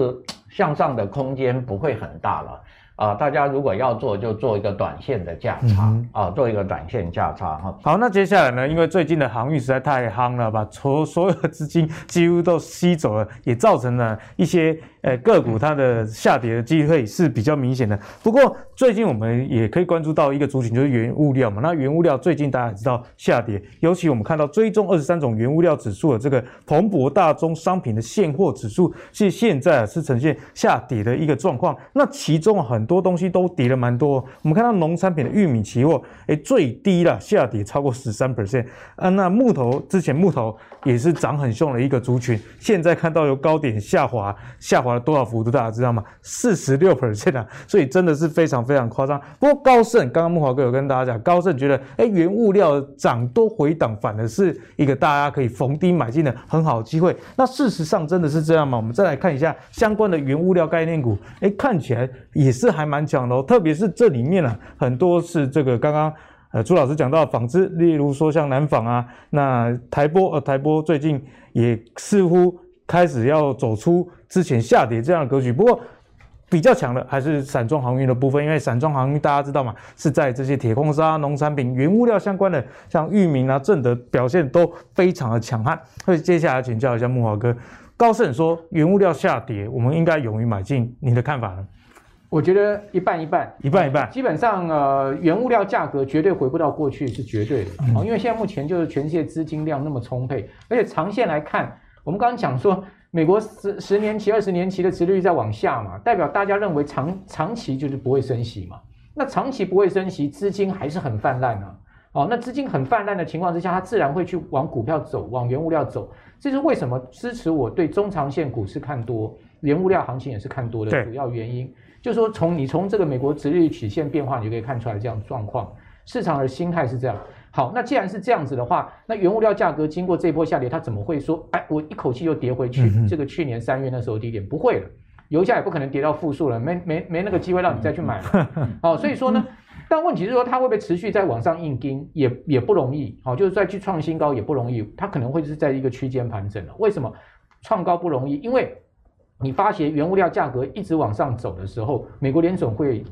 向上的空間不會很大了。啊，大家如果要做，就做一個短線的價差，嗯、啊，做一個短線價差哈。好，那接下來呢？因為最近的航運實在太夯了，把所所有資金幾乎都吸走了，也造成了一些呃、欸、個股它的下跌的機會是比較明顯的，嗯。不過最近我們也可以關注到一個主題，就是原物料嘛。那原物料最近大家也知道下跌，尤其我們看到追蹤二十三種原物料指數的這個彭博大宗商品的現貨指數，是現在是呈現下跌的一個狀況。那其中很多東西都跌了蠻多，哦，我們看到農產品的玉米期貨，哎，最低了，下跌超過十三 percent 啊。那木頭，之前木頭也是漲很凶的一個族群，現在看到有高點下滑，下滑了多少幅度？大家知道嗎？四十六 percent 啊，所以真的是非常非常誇張。不過高盛剛剛慕驊哥有跟大家講，高盛覺得，哎，原物料漲多回檔，反而是一個大家可以逢低買進的很好的機會。那事實上真的是這樣嗎？我們再來看一下相關的原物料概念股，哎，看起來也是很。還蠻強的、哦，特別是這裡面啊，很多是這個剛剛呃朱老師講到紡織，例如說像南紡啊，那台玻，呃台玻最近也似乎開始要走出之前下跌這樣的格局，不過比較強的還是散裝航運的部分，因為散裝航運大家知道嘛，是在這些鐵礦砂、農產品、原物料相關的，像裕民啊正德表現都非常的強悍。所以接下來請教一下慕驊哥，高盛說原物料下跌，我們應該勇於買進，你的看法呢？我覺得一半一半，一半一半，基本上呃，原物料價格絕對回不到過去是絕對的。嗯，因為現在目前就是全世界資金量那麼充沛，而且長線來看，我們剛剛講說美國十十年期、二十年期的殖利率在往下嘛，代表大家認為長長期就是不會升息嘛，那長期不會升息，資金還是很泛濫啊，哦，那資金很泛濫的情況之下，它自然會去往股票走，往原物料走，這是為什麼支持我對中長線股市看多，原物料行情也是看多的主要原因。就是說從你從這個美國殖利率曲線變化，你就可以看出來這樣狀況，市場的心態是這樣。好，那既然是這樣子的話，那原物料價格經過這波下跌，它怎麼會說，哎，我一口氣又跌回去，這個去年三月那時候低點不會了，油價也不可能跌到負數了，沒沒沒那個機會讓你再去買了。好，所以說呢，但問題是說它會不會持續在往上硬盯，也也不容易。好，就是再去創新高也不容易，它可能會是在一個區間盤整了。為什麼創高不容易？因為。你發現原物料價格一直往上走的時候，美國聯準會，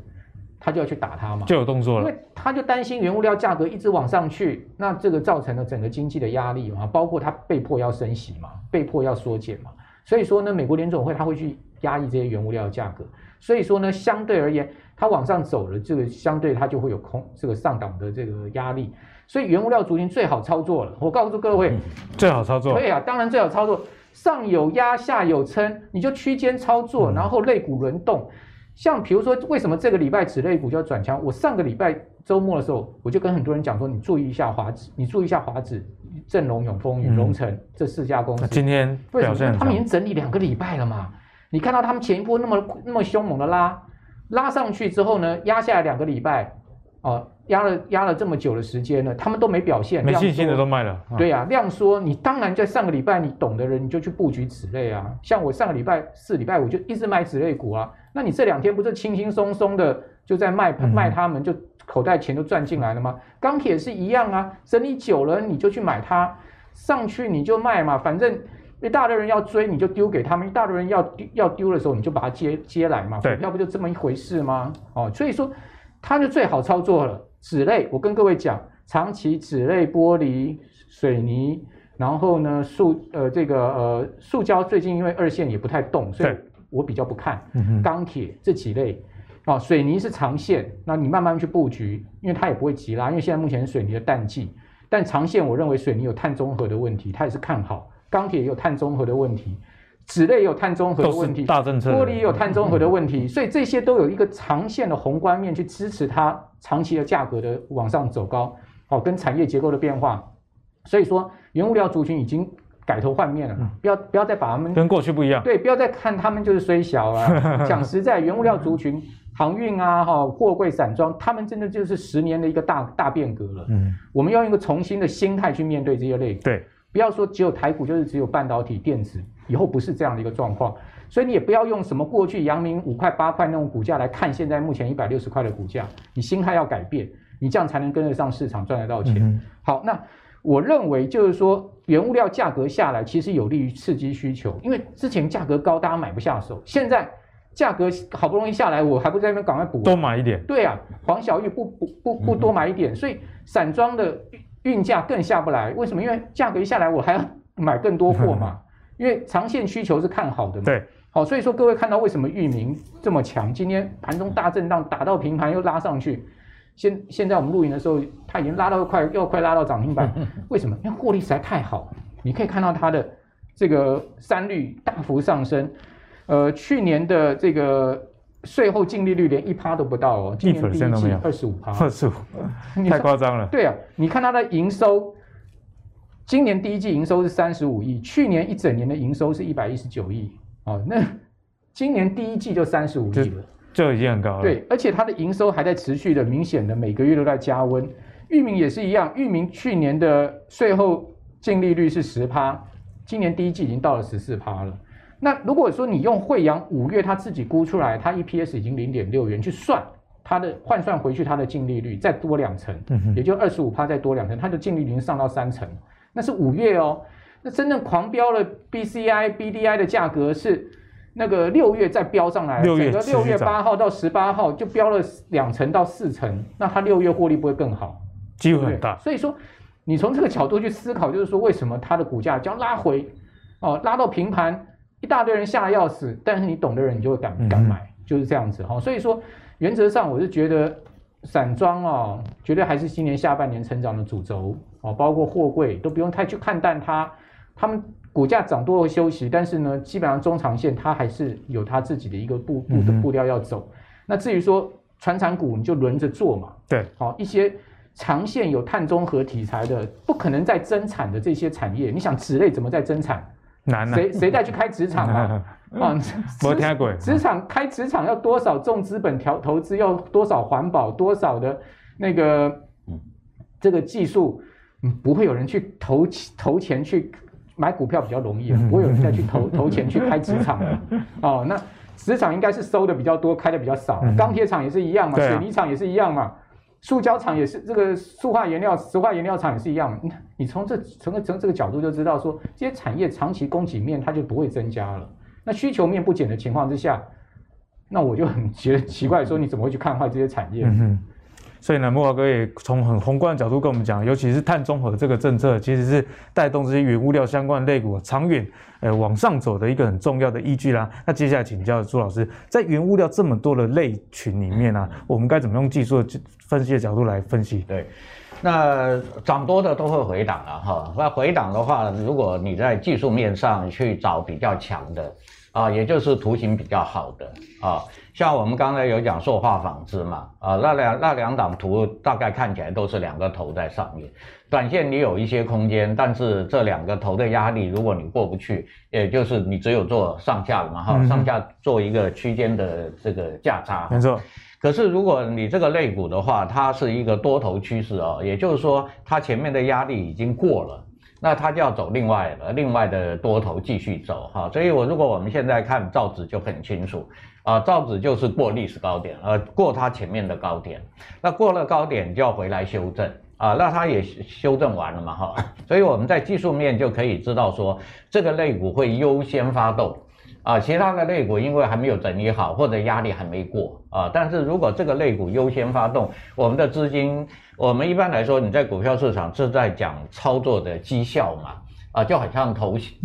他就要去打它嘛，就有動作了，因為他就擔心原物料價格一直往上去，那這個造成了整個經濟的壓力嘛，包括他被迫要升息嘛，被迫要縮減嘛，所以說呢，美國聯準會他會去壓抑這些原物料的價格，所以說呢，相對而言，它往上走了，這個相對它就會有空這個上檔的這個壓力，所以原物料族群最好操作了。我告訴各位，嗯，最好操作，對啊，當然最好操作。上有壓，下有撐，你就區間操作，然後類股輪動。嗯、像比如說，為什麼這個禮拜紙類股就要轉強？我上個禮拜週末的時候，我就跟很多人講說，你注意一下華紙，你注意一下華紙、正隆、永豐餘、榮成、嗯、這四家公司。今天為什麼？因為他們已經整理兩個禮拜了嘛、嗯，你看到他們前一波那麼那麼兇猛的拉拉上去之後呢，壓下來兩個禮拜。哦、呃，壓了壓了這麼久的時間了，他們都沒表現，沒信心的都賣了。嗯、對呀、啊，量縮你當然在上個禮拜，你懂的人你就去布局紙類啊。嗯、像我上個禮拜四、禮拜五就一直賣紙類股啊。那你這兩天不是輕輕鬆鬆的就在賣嗯嗯賣他們，就口袋錢都賺進來了嗎？嗯、鋼鐵是一樣啊，整理久了你就去買它，上去你就賣嘛。反正一大堆人要追，你就丟給他們；一大堆人要丟要丟的時候，你就把它接接來嘛。股要不就這麼一回事嗎？哦，所以說。它就最好操作了。紙類，我跟各位講，長期紙類、玻璃、水泥，然後呢塑，呃，這個呃塑膠，最近因為二線也不太動，所以我比較不看鋼鐵這幾類啊、哦。水泥是長線，那你慢慢去布局，因為它也不會急啦。因為現在目前水泥的淡季，但長線我認為水泥有碳中和的問題，它也是看好，鋼鐵也有碳中和的問題。紙類也有碳中和的問題，玻璃也有碳中和的問題，嗯，所以這些都有一個長線的宏觀面去支持它長期的價格的往上走高，哦。跟產業結構的變化，所以說原物料族群已經改頭換面了，嗯，不要不要再把他們跟過去不一樣。對，不要再看他們就是衰小啊。講 實在，原物料族群航運啊，哈，哦，貨櫃散裝，他們真的就是十年的一個大大變革了。嗯，我們要用一個重新的心態去面對這些類。對，不要說只有台股就是只有半導體、電子。以後不是這樣的一個狀況，所以你也不要用什麼過去陽明五塊八塊那種股價來看，現在目前一百六十塊的股價，你心態要改變，你這樣才能跟得上市場賺得到錢。嗯嗯好，那我認為就是說，原物料價格下來，其實有利於刺激需求，因為之前價格高，大家買不下手，現在價格好不容易下來，我還不在那邊趕快補，多買一點。對啊，黃小玉不不不不多買一點嗯嗯，所以散裝的運價更下不來。為什麼？因為價格一下來，我還要買更多貨嘛。呵呵因為長線需求是看好的嘛，對，好、哦，所以說各位看到為什麼裕民這麼強？今天盤中大震盪，打到平盤又拉上去。現現在我們錄影的時候，它已經拉到快，又快拉到漲停板。 為什麼？因為獲利實在太好。你可以看到它的這個三率大幅上升。呃，去年的這個稅後淨利率連一趴都不到哦，一趴都都沒有，二十五趴，二十五，太誇張了。對啊，你看它的營收。今年第一季營收是三十五億，去年一整年的營收是一百一十九億、哦、那今年第一季就三十五億了，這已經很高了。對，而且它的營收還在持續的明顯的每個月都在加溫。裕民也是一樣，裕民去年的稅後淨利率是十趴，今年第一季已經到了十四趴了。那如果說你用慧洋五月他自己估出來，他 EPS 已經零點六元去算，它的換算回去它的淨利率再多兩成、嗯，也就二十五趴再多兩成，它的淨利率已經上到三成。那是五月哦，那真正狂飆了 B C I B D I 的價格是那個六月再飆上來，整個六月八號到十八號就飆了兩成到四成，那它六月獲利不會更好？機會很大。所以說，你從這個角度去思考，就是說為什麼它的股價將要拉回哦，拉到平盤，一大堆人嚇得要死，但是你懂的人你就會敢敢買嗯嗯，就是這樣子哦。所以說，原則上我是覺得。散裝哦，絕對還是今年下半年成長的主軸哦，包括貨櫃都不用太去看淡它，它們股價漲多了休息，但是呢，基本上中長線它還是有它自己的一個步步的步調要走。嗯嗯，那至於說傳產股，你就輪着做嘛。對、哦，好一些長線有碳中和題材的，不可能再增產的這些產業，你想紙類怎麼再增產？誰誰再去開紙廠啊？啊、嗯嗯哦，沒聽過，紙廠開紙廠要多少重資本調投資？要多少環保？多少的那個？這個技術、嗯，不會有人去投投錢去買股票比較容易啊！不會有人再去投 投錢去開紙廠。啊？哦，那紙廠應該是收的比較多，開的比較少、啊。鋼鐵廠也是一樣嘛，水泥廠也是一樣嘛。塑膠廠也是這個塑化原料、石化原料廠也是一樣的，你你從這從從這個角度就知道說，這些產業長期供給面它就不會增加了。那需求面不減的情況之下，那我就很覺得奇怪，說你怎麼會去看壞這些產業？嗯。所以呢，慕驊哥也從很宏觀的角度跟我們講，尤其是碳中和這個政策，其實是帶動這些原物料相關的類股長遠呃往上走的一個很重要的依據啦。那接下來請教朱老師，在原物料這麼多的類群裡面呢、啊嗯，我們該怎麼用技術分析的角度來分析？對，那漲多的都會回檔啊，哈、哦，那回檔的話，如果你在技術面上去找比較強的。啊，也就是圖形比較好的啊，像我們剛才有講塑化紡織嘛，啊，那兩那兩檔圖大概看起來都是兩個頭在上面，短線你有一些空間，但是這兩個頭的壓力，如果你過不去，也就是你只有做上下了嘛哈，上下做一個區間的這個價差。沒錯，可是如果你這個類股的話，它是一個多頭趨勢啊，也就是說它前面的壓力已經過了。那它就要走另外的，另外的多頭繼續走哈，所以我如果我們現在看造紙就很清楚，啊，造紙就是過歷史高點，呃，過它前面的高點，那過了高點就要回來修正啊，那它也修正完了嘛哈，所以我們在技術面就可以知道說，這個類股會優先發動。啊，其他的類股因為還沒有整理好，或者壓力還沒過啊。但是如果這個類股優先發動，我們的資金，我們一般來說，你在股票市場是在講操作的績效嘛？啊，就好像投信、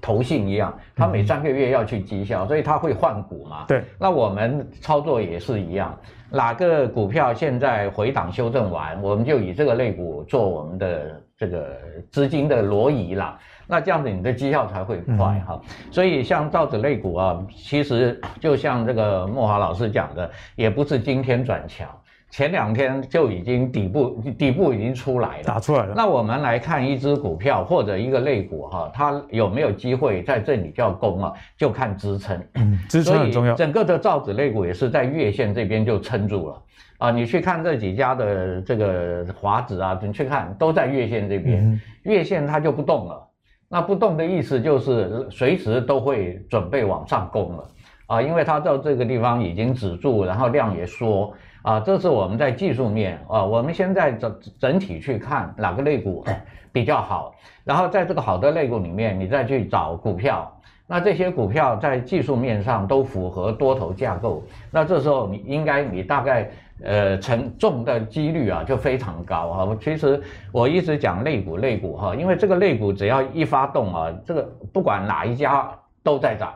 投信一樣，他每三個月要去績效，所以他會換股嘛？對。那我們操作也是一樣，哪個股票現在回檔修正完，我們就以這個類股做我們的這個資金的挪移啦。那這樣子你的績效才會快哈、嗯，所以像造紙類股啊，其實就像這個慕驊老師講的，也不是今天轉強，前兩天就已經底部底部已經出來了，打出來了。那我們來看一隻股票或者一個類股哈、啊，它有沒有機會在這裡叫攻啊？就看支撐，支撐很重要。整個的造紙類股也是在月線這邊就撐住了啊。你去看這幾家的這個華紙啊，你去看都在月線這邊、嗯，月線它就不動了。那不動的意思就是隨時都會準備往上攻了，啊，因為它到這個地方已經止住，然後量也縮，啊，這是我們在技術面，啊，我們現在整整體去看哪個類股比較好，然後在這個好的類股裡面，你再去找股票，那這些股票在技術面上都符合多頭架構，那這時候你應該你大概。呃，承重的幾率啊，就非常高啊。其實我一直講類股，類股哈、啊，因為這個類股只要一發動啊，這個不管哪一家都在漲，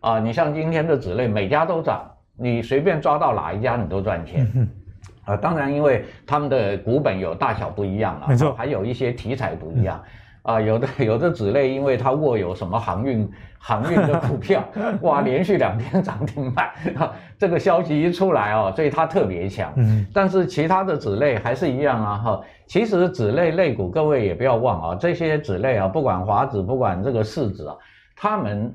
啊，你像今天的紙類每家都漲，你隨便抓到哪一家你都賺錢，嗯、啊，當然因為他們的股本有大小不一樣啊，啊，還有一些題材不一樣，啊，有的有的紙類因為它握有什麼航運。航運的股票， 哇，連續兩天漲停板。這個消息一出來哦，所以它特別強。嗯。但是其他的紙類還是一樣啊哈、啊。其實紙類類股，各位也不要忘啊，這些紙類啊，不管華紙，不管這個士紙啊，他們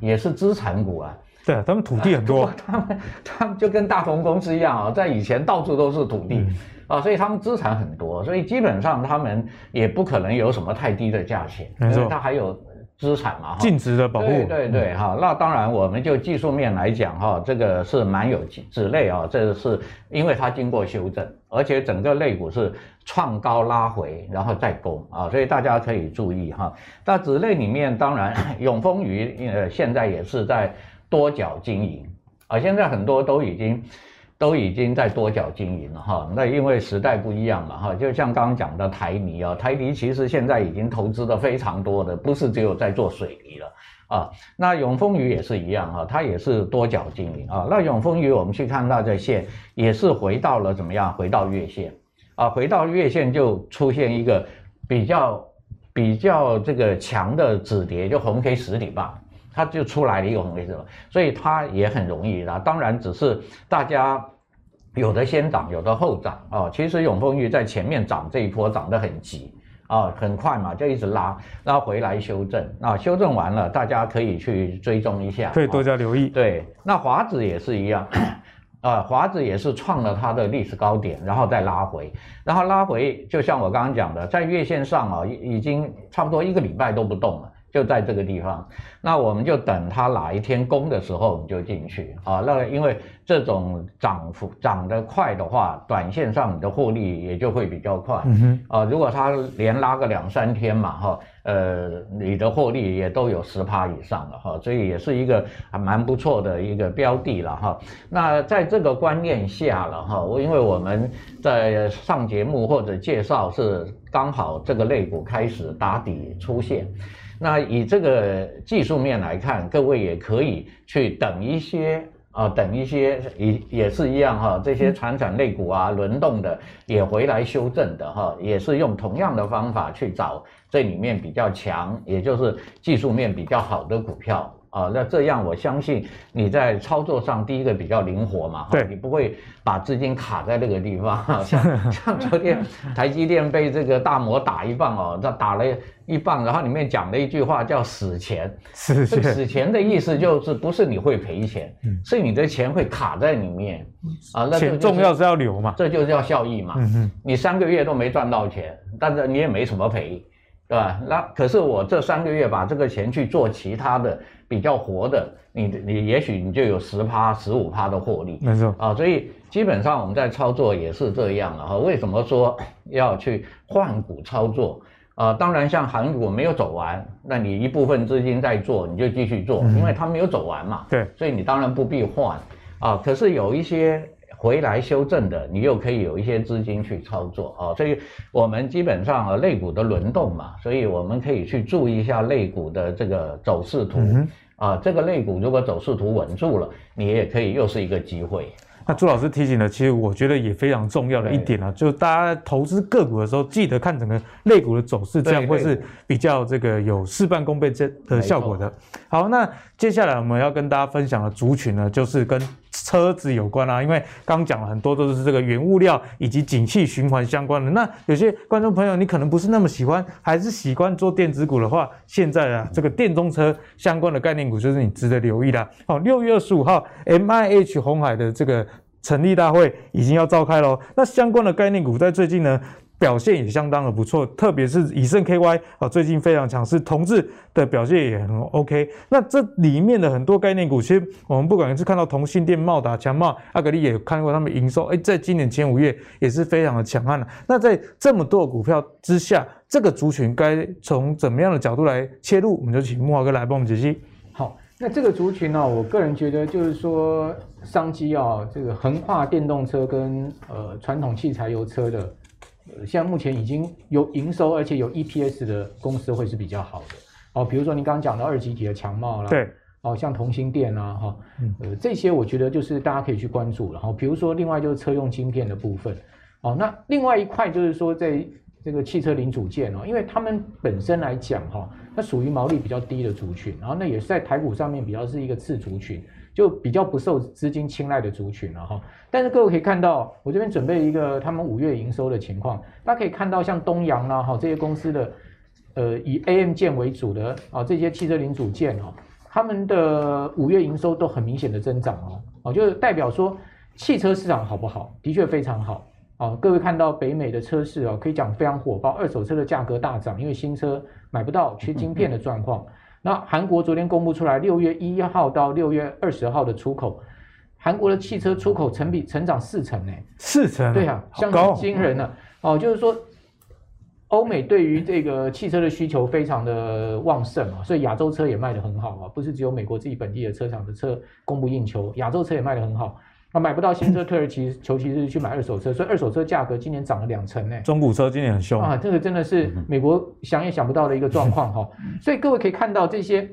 也是資產股啊。對，他們土地很多。啊、他們他們就跟大同公司一樣啊，在以前到處都是土地，嗯、啊，所以他們資產很多，所以基本上他們也不可能有什麼太低的價錢。所以他還有。資產嘛，淨值的保護，對對對，哈，那當然，我們就技術面來講，哈，這個是蠻有紙類啊，這是因為它經過修正，而且整個類股是創高拉回然後再攻啊，所以大家可以注意哈。那紙類裡面，當然永豐餘呃現在也是在多角經營啊，現在很多都已經。都已經在多角經營了哈，那因為時代不一樣了哈，就像剛剛講的台泥啊，台泥其實現在已經投資的非常多的，不是只有在做水泥了啊。那永豐餘也是一樣哈，它也是多角經營啊。那永豐餘我們去看它在線，也是回到了怎麼樣？回到月線啊，回到月線就出現一個比較比較這個強的止跌，就紅 K 實體吧，它就出來了一個紅 K 實體，所以它也很容易的，當然只是大家。有的先漲，有的後漲啊、哦。其實永豐餘在前面漲這一波漲得很急啊、哦，很快嘛，就一直拉，拉回來修正。啊、哦，修正完了，大家可以去追蹤一下，可以多加留意。哦、對，那華城也是一樣啊，華城、呃、也是創了它的歷史高點，然後再拉回，然後拉回，就像我剛剛講的，在月線上啊、哦，已經差不多一個禮拜都不動了。就在這個地方，那我們就等它哪一天攻的時候，我們就進去啊。那因為這種漲幅漲得快的話，短線上你的獲利也就會比較快。啊，如果它連拉個兩三天嘛，哈、啊，呃，你的獲利也都有十趴以上了。哈、啊，所以也是一個還蠻不錯的一個標的了哈、啊。那在這個觀念下了哈、啊，因為我們在上節目或者介紹是剛好這個類股開始打底出現。那以這個技術面來看，各位也可以去等一些啊、哦，等一些也也是一樣哈、哦，這些傳產類股啊，輪動的也回來修正的哈、哦，也是用同樣的方法去找這裡面比較強，也就是技術面比較好的股票。啊、哦，那這樣我相信你在操作上第一個比較靈活嘛，對，你不會把資金卡在那個地方。像 像昨天台積電被這個大摩打一棒哦，他打了一棒，然後裡面講了一句話叫死錢，死錢。死錢的意思就是不是你會賠錢、嗯，是你的錢會卡在裡面。嗯、啊，那、就是、錢重要是要留嘛，這就叫效益嘛。嗯嗯，你三個月都沒賺到錢，但是你也沒什麼賠，對吧？那可是我這三個月把這個錢去做其他的。比較活的，你你也許你就有十趴、十五趴的獲利，沒錯啊。所以基本上我們在操作也是這樣啊。哈。為什麼說要去換股操作啊？當然，像韓股沒有走完，那你一部分資金在做，你就繼續做，因為它沒有走完嘛。對、嗯，所以你當然不必換啊。可是有一些回來修正的，你又可以有一些資金去操作啊。所以我們基本上啊，類股的輪動嘛，所以我們可以去注意一下類股的這個走勢圖。嗯嗯啊，這個類股如果走勢圖穩住了，你也可以又是一個機會。那朱老師提醒的，okay。其實我覺得也非常重要的一點呢、啊，就是大家投資個股的時候，記得看整個類股的走勢，這樣會是比較這個有事半功倍這的效果的。好，那接下來我們要跟大家分享的族群呢，就是跟。車子有關啊，因為剛講了很多都是這個原物料以及景氣循環相關的。那有些觀眾朋友，你可能不是那麼喜歡，還是喜歡做電子股的話，現在啊，這個電動車相關的概念股就是你值得留意的。哦，六月二十五號，M I H 鴻海的，這個成立大會已經要召開咯，那相關的概念股在最近呢，表現也相當的不錯，特別是以盛 KY 啊，最近非常強勢。是同志的表現也很 OK。那這裡面的很多概念股，其實我們不管是看到同欣電、茂達、強茂阿格力，啊、也看過他們營收誒，在今年前五月也是非常的強悍，啊、那在這麼多股票之下，這個族群該從怎麼樣的角度來切入？我們就請慕驊哥來幫我們解析。好，那這個族群呢，啊，我個人覺得就是說商機啊，這個橫跨電動車跟呃傳統汽柴油車的。現在目前已經有營收，而且有 EPS 的公司會是比較好的哦。比如說您剛剛講到二極體的強茂啦，哦，像同心電啊，哈，呃，這些我覺得就是大家可以去關注。然後比如說另外就是車用晶片的部分，哦，那另外一塊就是說在這個汽車零組件哦，因為他們本身來講哈，他屬於毛利比較低的族群，然後那也是在台股上面比較是一個次族群。就比較不受資金青睞的族群了，啊，哈，但是各位可以看到，我這邊準備一個他們五月營收的情況，大家可以看到像東陽啦哈這些公司的，呃，以 AM 件為主的啊這些汽車零組件哦，啊，他們的五月營收都很明顯的增長哦，啊，啊，就代表說汽車市場好不好？的確非常好啊，各位看到北美的車市啊，可以講非常火爆，二手車的價格大漲，因為新車買不到，缺晶片的狀況。嗯嗯那韓國昨天公布出來，六月一號到六月二十號的出口，韓國的汽車出口成比成長四成呢、欸，四成，對啊，相當驚人了、啊。哦，就是說，歐美對於這個汽車的需求非常的旺盛啊，所以亞洲車也賣的很好啊，不是只有美國自己本地的車廠的車供不應求，亞洲車也賣的很好。啊，買不到新車，退而其、求 其是去買二手車，所以二手車價格今年漲了兩成呢、欸。中古車今年很兇啊，這個真的是美國想也想不到的一個狀況哈。 所以各位可以看到這些，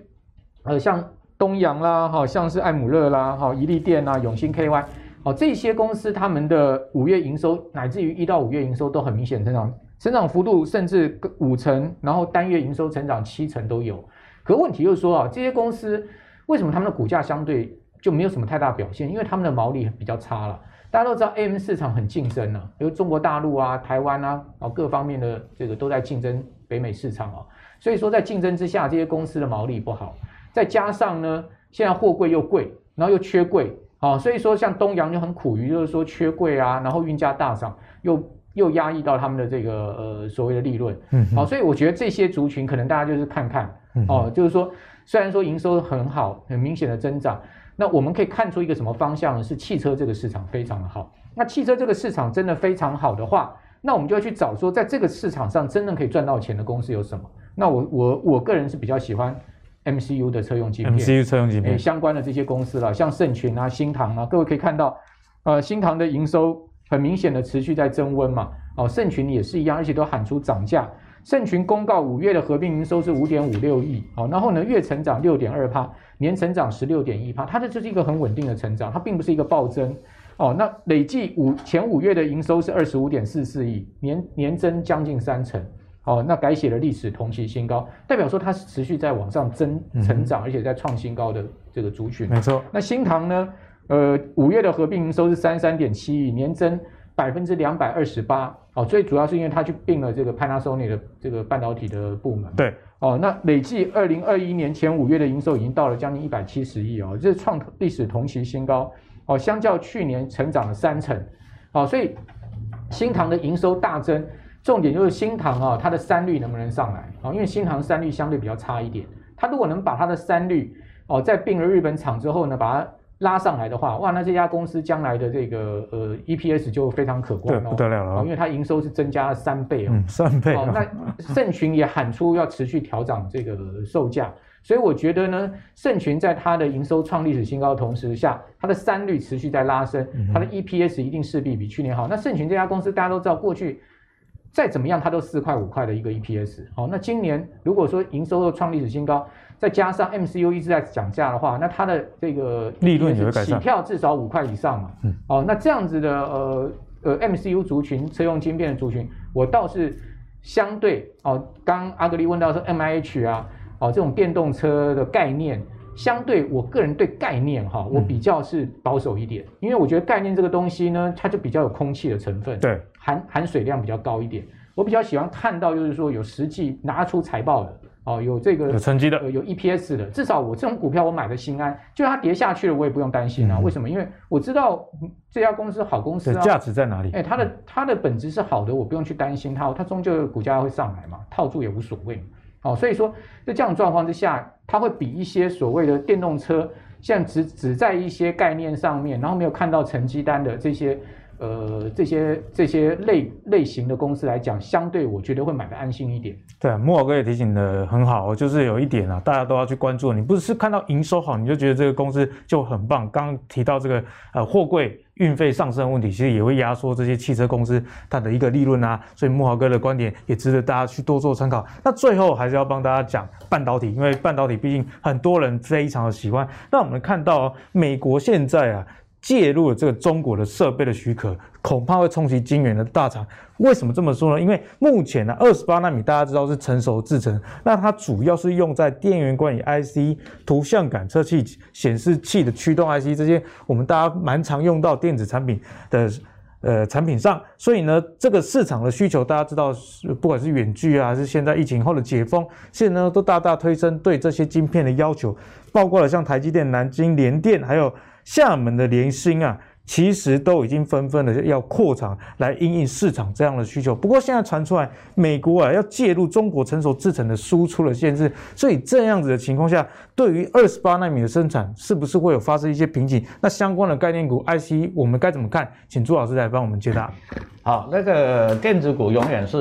呃，像東陽啦，哈、啊，像是艾姆勒啦，哈、啊，怡利電啦、啊，永興 K Y，好、啊，這些公司他們的五月營收乃至於一到五月營收都很明顯增長，增長幅度甚至五成，然後單月營收成長七成都有。可問題就是說啊，這些公司為什麼他們的股價相對就沒有什麼太大表現，因為他們的毛利比較差了。大家都知道，AM 市場很競爭啊，比如中國大陸啊、台灣啊，然後各方面的這個都在競爭北美市場啊。所以說，在競爭之下，這些公司的毛利不好。再加上呢，現在貨櫃又貴，然後又缺櫃啊，所以說像東洋就很苦於就是說缺櫃啊，然後運價大漲，又又壓抑到他們的這個呃所謂的利潤。嗯，好，所以我覺得這些族群可能大家就是看看哦、啊，就是說雖然說營收很好，很明顯的增長。那我們可以看出一個什麼方向呢？是汽車這個市場非常的好。那汽車這個市場真的非常好的話，那我們就要去找說，在這個市場上真正可以賺到錢的公司有什麼？那我我我個人是比較喜歡 MCU 的車用晶片，MCU 車用晶片、哎、相關的這些公司了，像盛群啊、新唐啊。各位可以看到，呃，新唐的營收很明顯的持續在增溫嘛，哦，盛群也是一樣，而且都喊出漲價。盛群公告，五月的合併營收是五點五六億，好，然後呢，月成長六點二趴，年成長十六點一趴，它這就是一個很穩定的成長，它並不是一個暴增，哦，那累計五前五月的營收是二十五點四四億，年年增將近三成，哦、那改寫了歷史同期新高，代表說它是持續在往上增成長，嗯，而且在創新高的這個族群，沒錯。那新唐呢，呃，五月的合併營收是三十三點七億，年增百分之兩百二十八。哦，最主要是因為他去併了這個 Panasonic 的這個半導體的部門。對，哦，那累計二零二一年前五月的營收已經到了將近一百七十億哦，這，就是創歷史同期新高哦，相較去年成長了三成。哦，所以新唐的營收大增，重點就是新唐啊、哦，它的三率能不能上來啊、哦？因為新唐三率相對比較差一點，它如果能把它的三率哦，在併了日本廠之後呢，把它。拉上來的話，哇，那這家公司將來的這個呃 EPS 就非常可觀、哦，對，不得了了，因為它營收是增加了三倍哦，嗯、三倍、哦哦。那盛群也喊出要持續調漲這個售價， 所以我覺得呢，盛群在它的營收創歷史新高的同時下，它的三率持續在拉升，它的 EPS 一定勢必比去年好。嗯、那盛群這家公司大家都知道，過去再怎麼樣它都四塊五塊的一個 EPS，好、哦，那今年如果說營收又創歷史新高。再加上 MCU 一直在漲價的話，那它的這個利潤也起跳至少五塊以上嘛。哦，那這樣子的呃呃 MCU 族群，車用晶片的族群，我倒是相對哦，剛阿格力問到說 MIH 啊，哦這種電動車的概念，相對我個人對概念哈、哦，我比較是保守一點、嗯，因為我覺得概念這個東西呢，它就比較有空氣的成分，對，含含水量比較高一點，我比較喜歡看到就是說有實際拿出財報的。哦，有這個有成績的，呃，有 EPS 的，至少我這種股票我買的心安，就它跌下去了，我也不用擔心啊，嗯。為什麼？因為我知道這家公司好公司，啊，的價值在哪裡，哎，它的它的本質是好的，我不用去擔心它，它終究的股價會上來嘛，套住也無所謂哦，所以說在這樣狀況之下，它會比一些所謂的電動車，像只只在一些概念上面，然後沒有看到成績單的這些。呃，這些這些類類型的公司來講，相對我覺得會買得安心一點。對啊，慕驊哥也提醒得很好，就是有一點啊，大家都要去關注。你不是看到營收好，你就覺得這個公司就很棒。剛剛提到這個呃，貨櫃運費上升的問題，其實也會壓縮這些汽車公司它的一個利潤啊。所以慕驊哥的觀點也值得大家去多做參考。那最後還是要幫大家講半導體，因為半導體畢竟很多人非常的喜歡。那我們看到啊，美國現在啊。介入了這個中國的設備的許可，恐怕會衝擊晶圓的大廠。為什麼這麼說呢？因為目前呢、啊，二十八納米大家知道是成熟製程，那它主要是用在電源管理 IC、圖像感測器、顯示器的驅動 IC 這些我們大家蠻常用到電子產品的呃產品上。所以呢，這個市場的需求大家知道是，不管是遠距啊，還是現在疫情後的解封，現在呢都大大推升對這些晶片的要求，包括了像台積電、南京聯電還有。廈門的聯芯啊，其實都已經紛紛的要擴廠來因應市場這樣的需求。不過現在傳出來，美國啊要介入中國成熟制程的輸出的限制，所以這樣子的情況下，對於二十八奈米的生產，是不是會有發生一些瓶頸？那相關的概念股 IC，我們該怎麼看？請朱老師來幫我們解答。好，那個電子股永遠是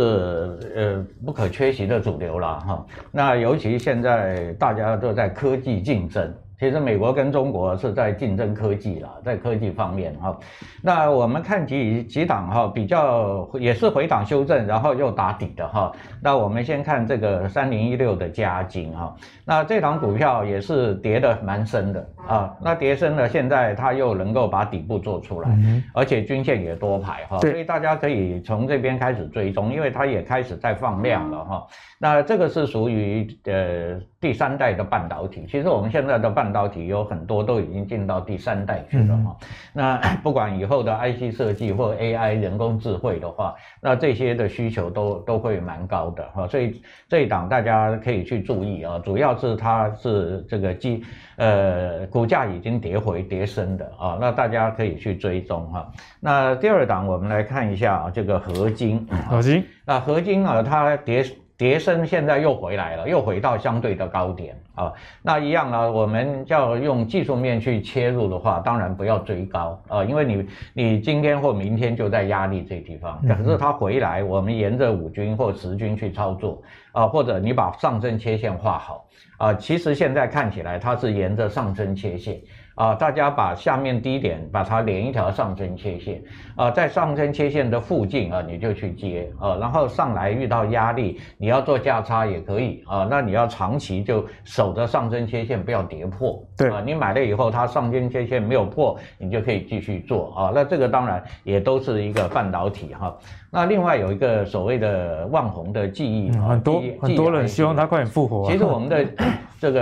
呃不可缺席的主流啦哈。那尤其現在大家都在科技競爭。其實美國跟中國是在競爭科技啦，在科技方面哈，那我們看幾幾檔哈，比較也是回檔修正，然後又打底的哈。那我們先看這個三零一六的嘉晶哈，那這檔股票也是跌的蠻深的啊，那跌深了現在它又能夠把底部做出來，而且均線也多排哈，所以大家可以從這邊開始追蹤，因為它也開始在放量了哈。那這個是屬於呃。第三代的半導體，其實我們現在的半導體有很多都已經進到第三代去了哈。嗯嗯，那不管以後的 IC 設計或 AI 人工智慧的話，那這些的需求都都會蠻高的哈。所以這一檔大家可以去注意啊，主要是它是這個基呃，股價已經跌回跌升的啊，那大家可以去追蹤哈。那第二檔我們來看一下啊，這個合金，合金啊，合金啊，它跌。跌深現在又回來了，又回到相對的高點啊。那一樣呢，我們要用技術面去切入的話，當然不要追高啊，因為你你今天或明天就在壓力這地方。可是它回來，我們沿着五均或十均去操作啊，或者你把上升切線畫好啊。其實現在看起來，它是沿着上升切線。啊、呃，大家把下面低點把它連一條上升切線，啊、呃，在上升切線的附近啊，你就去接啊、呃，然後上來遇到壓力，你要做價差也可以啊、呃，那你要長期就守着上升切線不要跌破，對啊、呃，你買了以後它上升切線沒有破，你就可以繼續做啊、呃，那這個當然也都是一個半導體哈、啊，那另外有一個所謂的旺宏的記憶、嗯、很多憶很多人希望它快點復活、啊，其實我們的咳咳。這個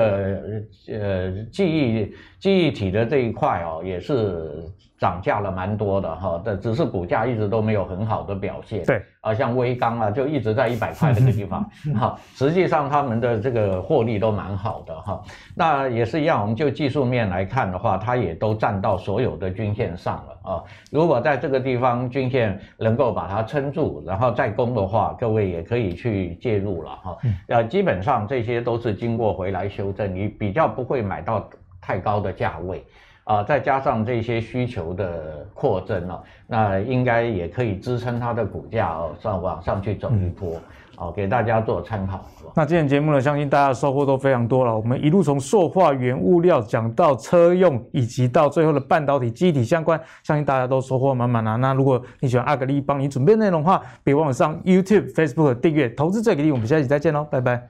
呃，記憶記憶體的這一塊啊，也是。漲價了蠻多的哈，但只是股價一直都沒有很好的表現。對啊，像微鋼啊，就一直在一百塊那個地方。哈， 實際上他們的這個獲利都蠻好的哈。那也是一樣，我們就技術面來看的話，它也都站到所有的均線上了啊。如果在這個地方均線能夠把它撐住，然後再攻的話，各位也可以去介入了哈。那、嗯、基本上這些都是經過回來修正，你比較不會買到太高的價位。啊、呃，再加上這些需求的擴增了、哦，那應該也可以支撐它的股價哦，上往上去走一波，好、嗯哦、給大家做參考。那今天節目呢，相信大家收穫都非常多了。我們一路從塑化原物料講到車用，以及到最後的半導體機體相關，相信大家都收穫滿滿啦、啊、那如果你喜歡阿格力幫你准備內容的話，別忘了上 YouTube、Facebook 訂閱投資阿格力。我們下期再見嘍，拜拜。